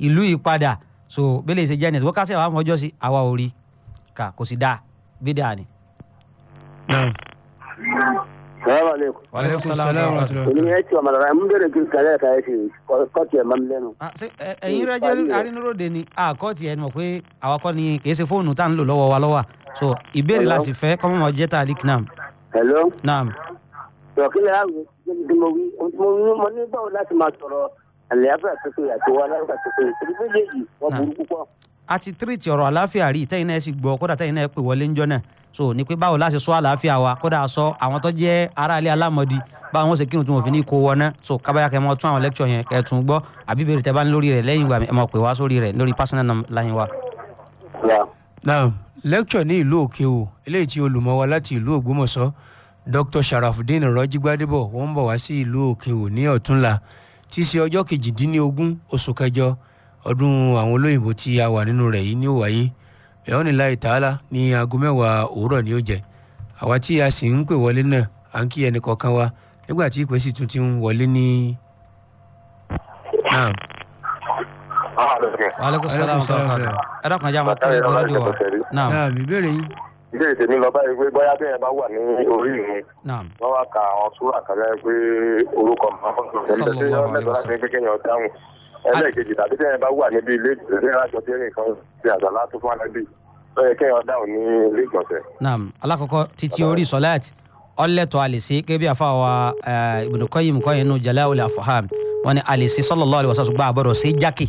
ìlú yìí padà so bẹ́lẹ̀ ṣe jẹ́ ní ẹ̀sìn wọ́n kásẹ̀ wàá mọ́jọ́ sí àwa ò rí kà kò sì dáa bídà نعم السلام عليكم وعليكم السلام ورحمه الله من يأتي ومن رأي من دون كل كذا كأيتي قط يا مملنو ẹ̀yin rajali arinurode ni a kò tiẹ̀ mọ̀ pé àwa kọ́ ni kì fóònù tá lò lọ́wọ́ wa lọ́wọ́ so ìbéèrè la sì fẹ́ kọ́mọ́ mọ́ jẹ́ta àdìk nam. hello. naam. ìrọ̀kílẹ̀ àgbẹ̀ tí mo wí mo ní báwo láti máa sọ̀rọ̀ àlẹ́àfẹ́ àtúntò àti wà láyé àtúntò ìṣèlú méjèèjì wọ́n burú púpọ̀. a ti tírìtì ọ̀rọ̀ àláfíà rí tẹ́yìn náà sì gbọ́ kódà tẹ́yìn so ní pé báwo láti sọ àlàáfíà wa kódà sọ àwọn tó jẹ́ aráalé alámọ̀dí báwọn ṣe kírun tí wọn fi ní kó wọná so kábàyà kẹ́ mọ́ tún àwọn lẹ́kítọ̀ yẹn kẹ́ tún gbọ́ àbí bèrè tẹ́ bá ní lórí rẹ̀ lẹ́yìn ìgbà ẹ̀ mọ̀ pé wá sórí rẹ̀ lórí personal line wa. naam lẹ́kítọ̀ ní ìlú òkè o eléyìí tí olùmọ̀ wa láti ìlú ògbómọ̀ṣọ́ dr sharafudin rọjígbádébọ̀ wọ́n ń bọ̀ wá sí ìlú òkè o ní ọ̀túnla tí í ṣe ọjọ́ kejìdínlógún oṣù kẹjọ ọdún àwọn olóyìnbó tí a wà nínú rẹ̀ yìí ní òwáyé bẹ̀hónìláì tààlà ní aago mẹ́wàá òwúrọ̀ ni ó àwa tí a sì ń pè wọlé náà à ń kí ẹnì kọ̀ọ̀kan wa nígbà tí ìpè sì tún ti ń wọlé ní. aleykum salaam ẹ naam ìbéèrè tèmi lọ báyìí pé bóyá bẹ́ẹ̀ bá wà ní orí mi wọ́n wá ka àwọn kan lẹ́yìn pé orúkọ ẹlẹ́ẹ̀kejì tàbí tẹ́ ẹ bá wà níbi ilé ìgbésẹ̀ aṣọ tí ẹnì kan ti àgbàlá tó fún alábì ó yẹ kéèyàn dáhùn ní ilé ìgbọ̀nsẹ̀. naam alákọ̀ọ́kọ́ títí orí sọ́láàt ọlẹ́tọ̀ àlèsí kébí àfàwà Ibn Qayyim kọ́yìn inú Jala'ul Afham wọn ni àlèsí sallallahu alaihi wasallam ṣùgbọ́n àbọ̀dọ̀ sí jákè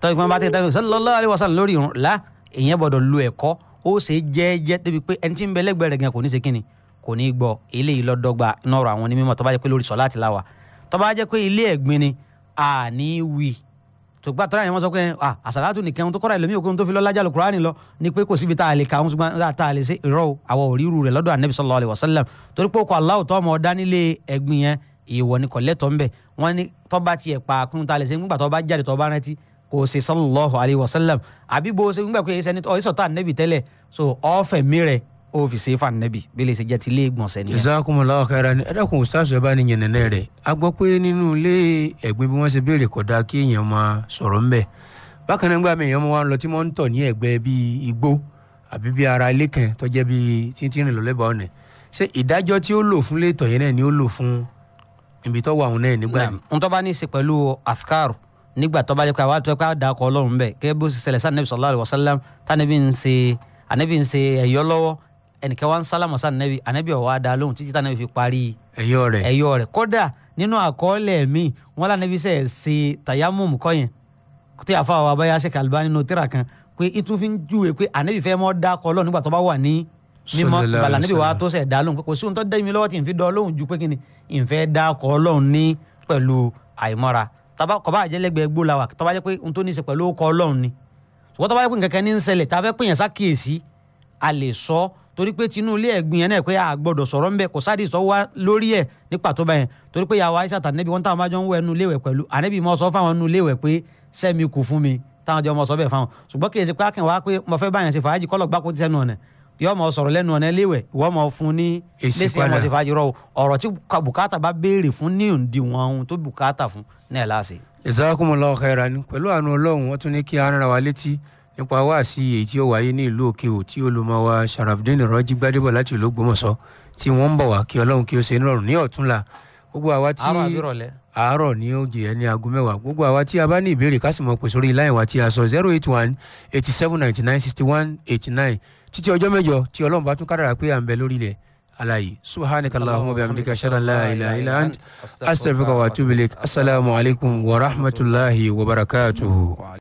tọ́jú pé wọ́n bá tẹ̀ tẹ́lẹ̀ sallallahu alaihi wasallam lórí irun la ìyẹn gbọ́dọ̀ lu ẹ̀kọ́ ó ṣe jẹ́ẹ́jẹ́ débi pé ẹni tí ń bẹ lẹ́gbẹ̀ẹ́ rẹ̀ gan kò ní ṣe kíni kò ní gbọ́ eléyìí lọ́dọ́gba nọ́ọ̀rọ̀ àwọn onímọ̀ tó bá pé lórí sọ́láàtì láwà tó bá jẹ́ pé ilé ẹ̀gbin ni àní wì tògbà tọ́ra yẹn wọ́n sọ pé àṣàlátù nìkan ohun tó kọ́ra ẹlòmíì okun tó fi lọ lájà lọ kúránì lọ ni pé kò síbi tá a lè ka ohun ṣùgbọ́n tá a lè ṣe irọ́ àwọn òríru rẹ̀ lọ́dọ̀ anabi sallallahu alaihi wasallam torí pé okò aláwọ̀ tó ọmọ ọ̀dá nílé ẹ̀gbin yẹn ìwọ ni kọ̀lẹ́tọ̀ ń bẹ̀ wọ́n ní tọ́ba tiẹ̀ pa kún tá a lè ṣe nígbà tọ́ba jáde tọ́ba rántí kò ṣe sallallahu alaihi wasallam àbí bó ṣe nígbà pé ẹsẹ̀ ní ọ̀ọ́sọ̀tà so ọ̀ọ́fẹ̀ mi O fi ṣe é fànẹ́bì bí lè ṣe jẹ́ ti ilé ìgbọ̀nsẹ̀ nìyẹn. jazakumullahu khairan ni ẹ dákun ustaz ẹ bá ní yẹnẹnẹ rẹ a gbọ́ pé nínú ilé ẹ̀gbin bí wọ́n ṣe béèrè kódà kí èèyàn máa sọ̀rọ̀ ńbẹ̀ bákan náà gbàmí èèyàn máa lọ tí wọ́n ń tọ̀ ní ẹ̀gbẹ́ bíi igbó àbí bíi ara ilé kan tó bíi títí rìn lọ́lẹ́bàá ọ̀nà ṣé tí ó lò fún létọ̀ yẹn náà ni ó lò fún ibi tó wà òun náà nígbà yìí. n tó bá ní í ṣe pẹ̀lú afkaru nígbà tó bá jẹ́ pé àwa tó ká sallallahu sallam tánibí ń ṣe anabi ń ẹnìkan wa ń sálámà sí ànábì ànábì ọ̀wá dá lóhùn títí tànábì fi parí ẹ̀yọ́ rẹ̀ ẹ̀yọ́ rẹ̀ kódà nínú àkọọ́lẹ̀ mi wọn lànàbì sẹ̀ ṣe tàyámùmù kọ́yìn tí àfa àwọn abáyá ṣe kàlùbá nínú tíra kan pé itú fi ń júwe pé ànábì fẹ́ mọ́ dá kọ́ lọ́ọ̀ nígbà tó bá wà ní mímọ́ bàlá níbi wàá tó sẹ̀ dá lóhùn pé kò sí ohun tó dé mi lọ́wọ́ tí n fi dọ́ lóhùn ju pé kí ni ìfẹ́ dá kọ́ lọ́hùn ní pẹ̀lú àìmọ́ra tàbá kọ́ bá àjẹlẹ́gbẹ̀ẹ́ gbó la wà tó bá jẹ́ pé ohun tó ní í ṣe pẹ̀lú ọkọ̀ ni ṣùgbọ́n tó bá jẹ́ pé nǹkan kan ní ń ṣẹlẹ̀ tá a fẹ́ pèèyàn torí pé tinú ilé ẹ̀gbìn yẹn náà pé a gbọ́dọ̀ sọ̀rọ̀ ńbẹ kò sáàdì sọ wá lórí ẹ̀ ní pàtó báyẹn torí pé yàwó Aisha tànẹ́bí wọn táwọn bá jọ ń wọ ẹnu léwẹ̀ pẹ̀lú ànẹ́bí mọ sọ fáwọn ẹnu léwẹ̀ pé sẹ́mi kù fún mi táwọn jọ mọ sọ bẹ́ẹ̀ fáwọn ṣùgbọ́n kì í ṣe pé akẹ́ wá pé mo fẹ́ báyẹn ṣe fàájì kọ́lọ̀ gbáko ti sẹ́nu ọ̀nà yọ mọ sọ̀rọ̀ lẹ́nu ọ̀nà léwẹ̀ ìwọ mọ fún ní lẹ́sẹ̀ mọ ṣe fàájì rọ pẹ̀lú àánú Ọlọ́run wọ́n tún ní kí a rán ara wa létí nípa wáàsí èyí tí ó wáyé ní ìlú òkèò tí olùmọ̀wá sharafdin rọ́jí gbádébọ̀ láti ìlú ògbómọ̀ṣọ́ tí wọ́n ń bọ̀ wá kí ọlọ́run kí ó ṣe nírọ̀rùn ní ọ̀túnla gbogbo àwa tí àárọ̀ ní oúnjẹ ẹni aago mẹ́wàá gbogbo àwa tí a bá ní ìbéèrè ká sì mọ̀ láyìn wa tí a sọ zero eight one eighty seven ninety nine sixty one eighty nine títí ọjọ́ mẹ́jọ tí ọlọ́run bá tún kádàrà pé à ń bẹ lórí ilẹ̀ alayi subhanaka allahumma bihamdika ashhadu an la ilaha illa ant astaghfiruka wa atubu ilaik assalamu alaikum wa rahmatullahi wa barakatuhu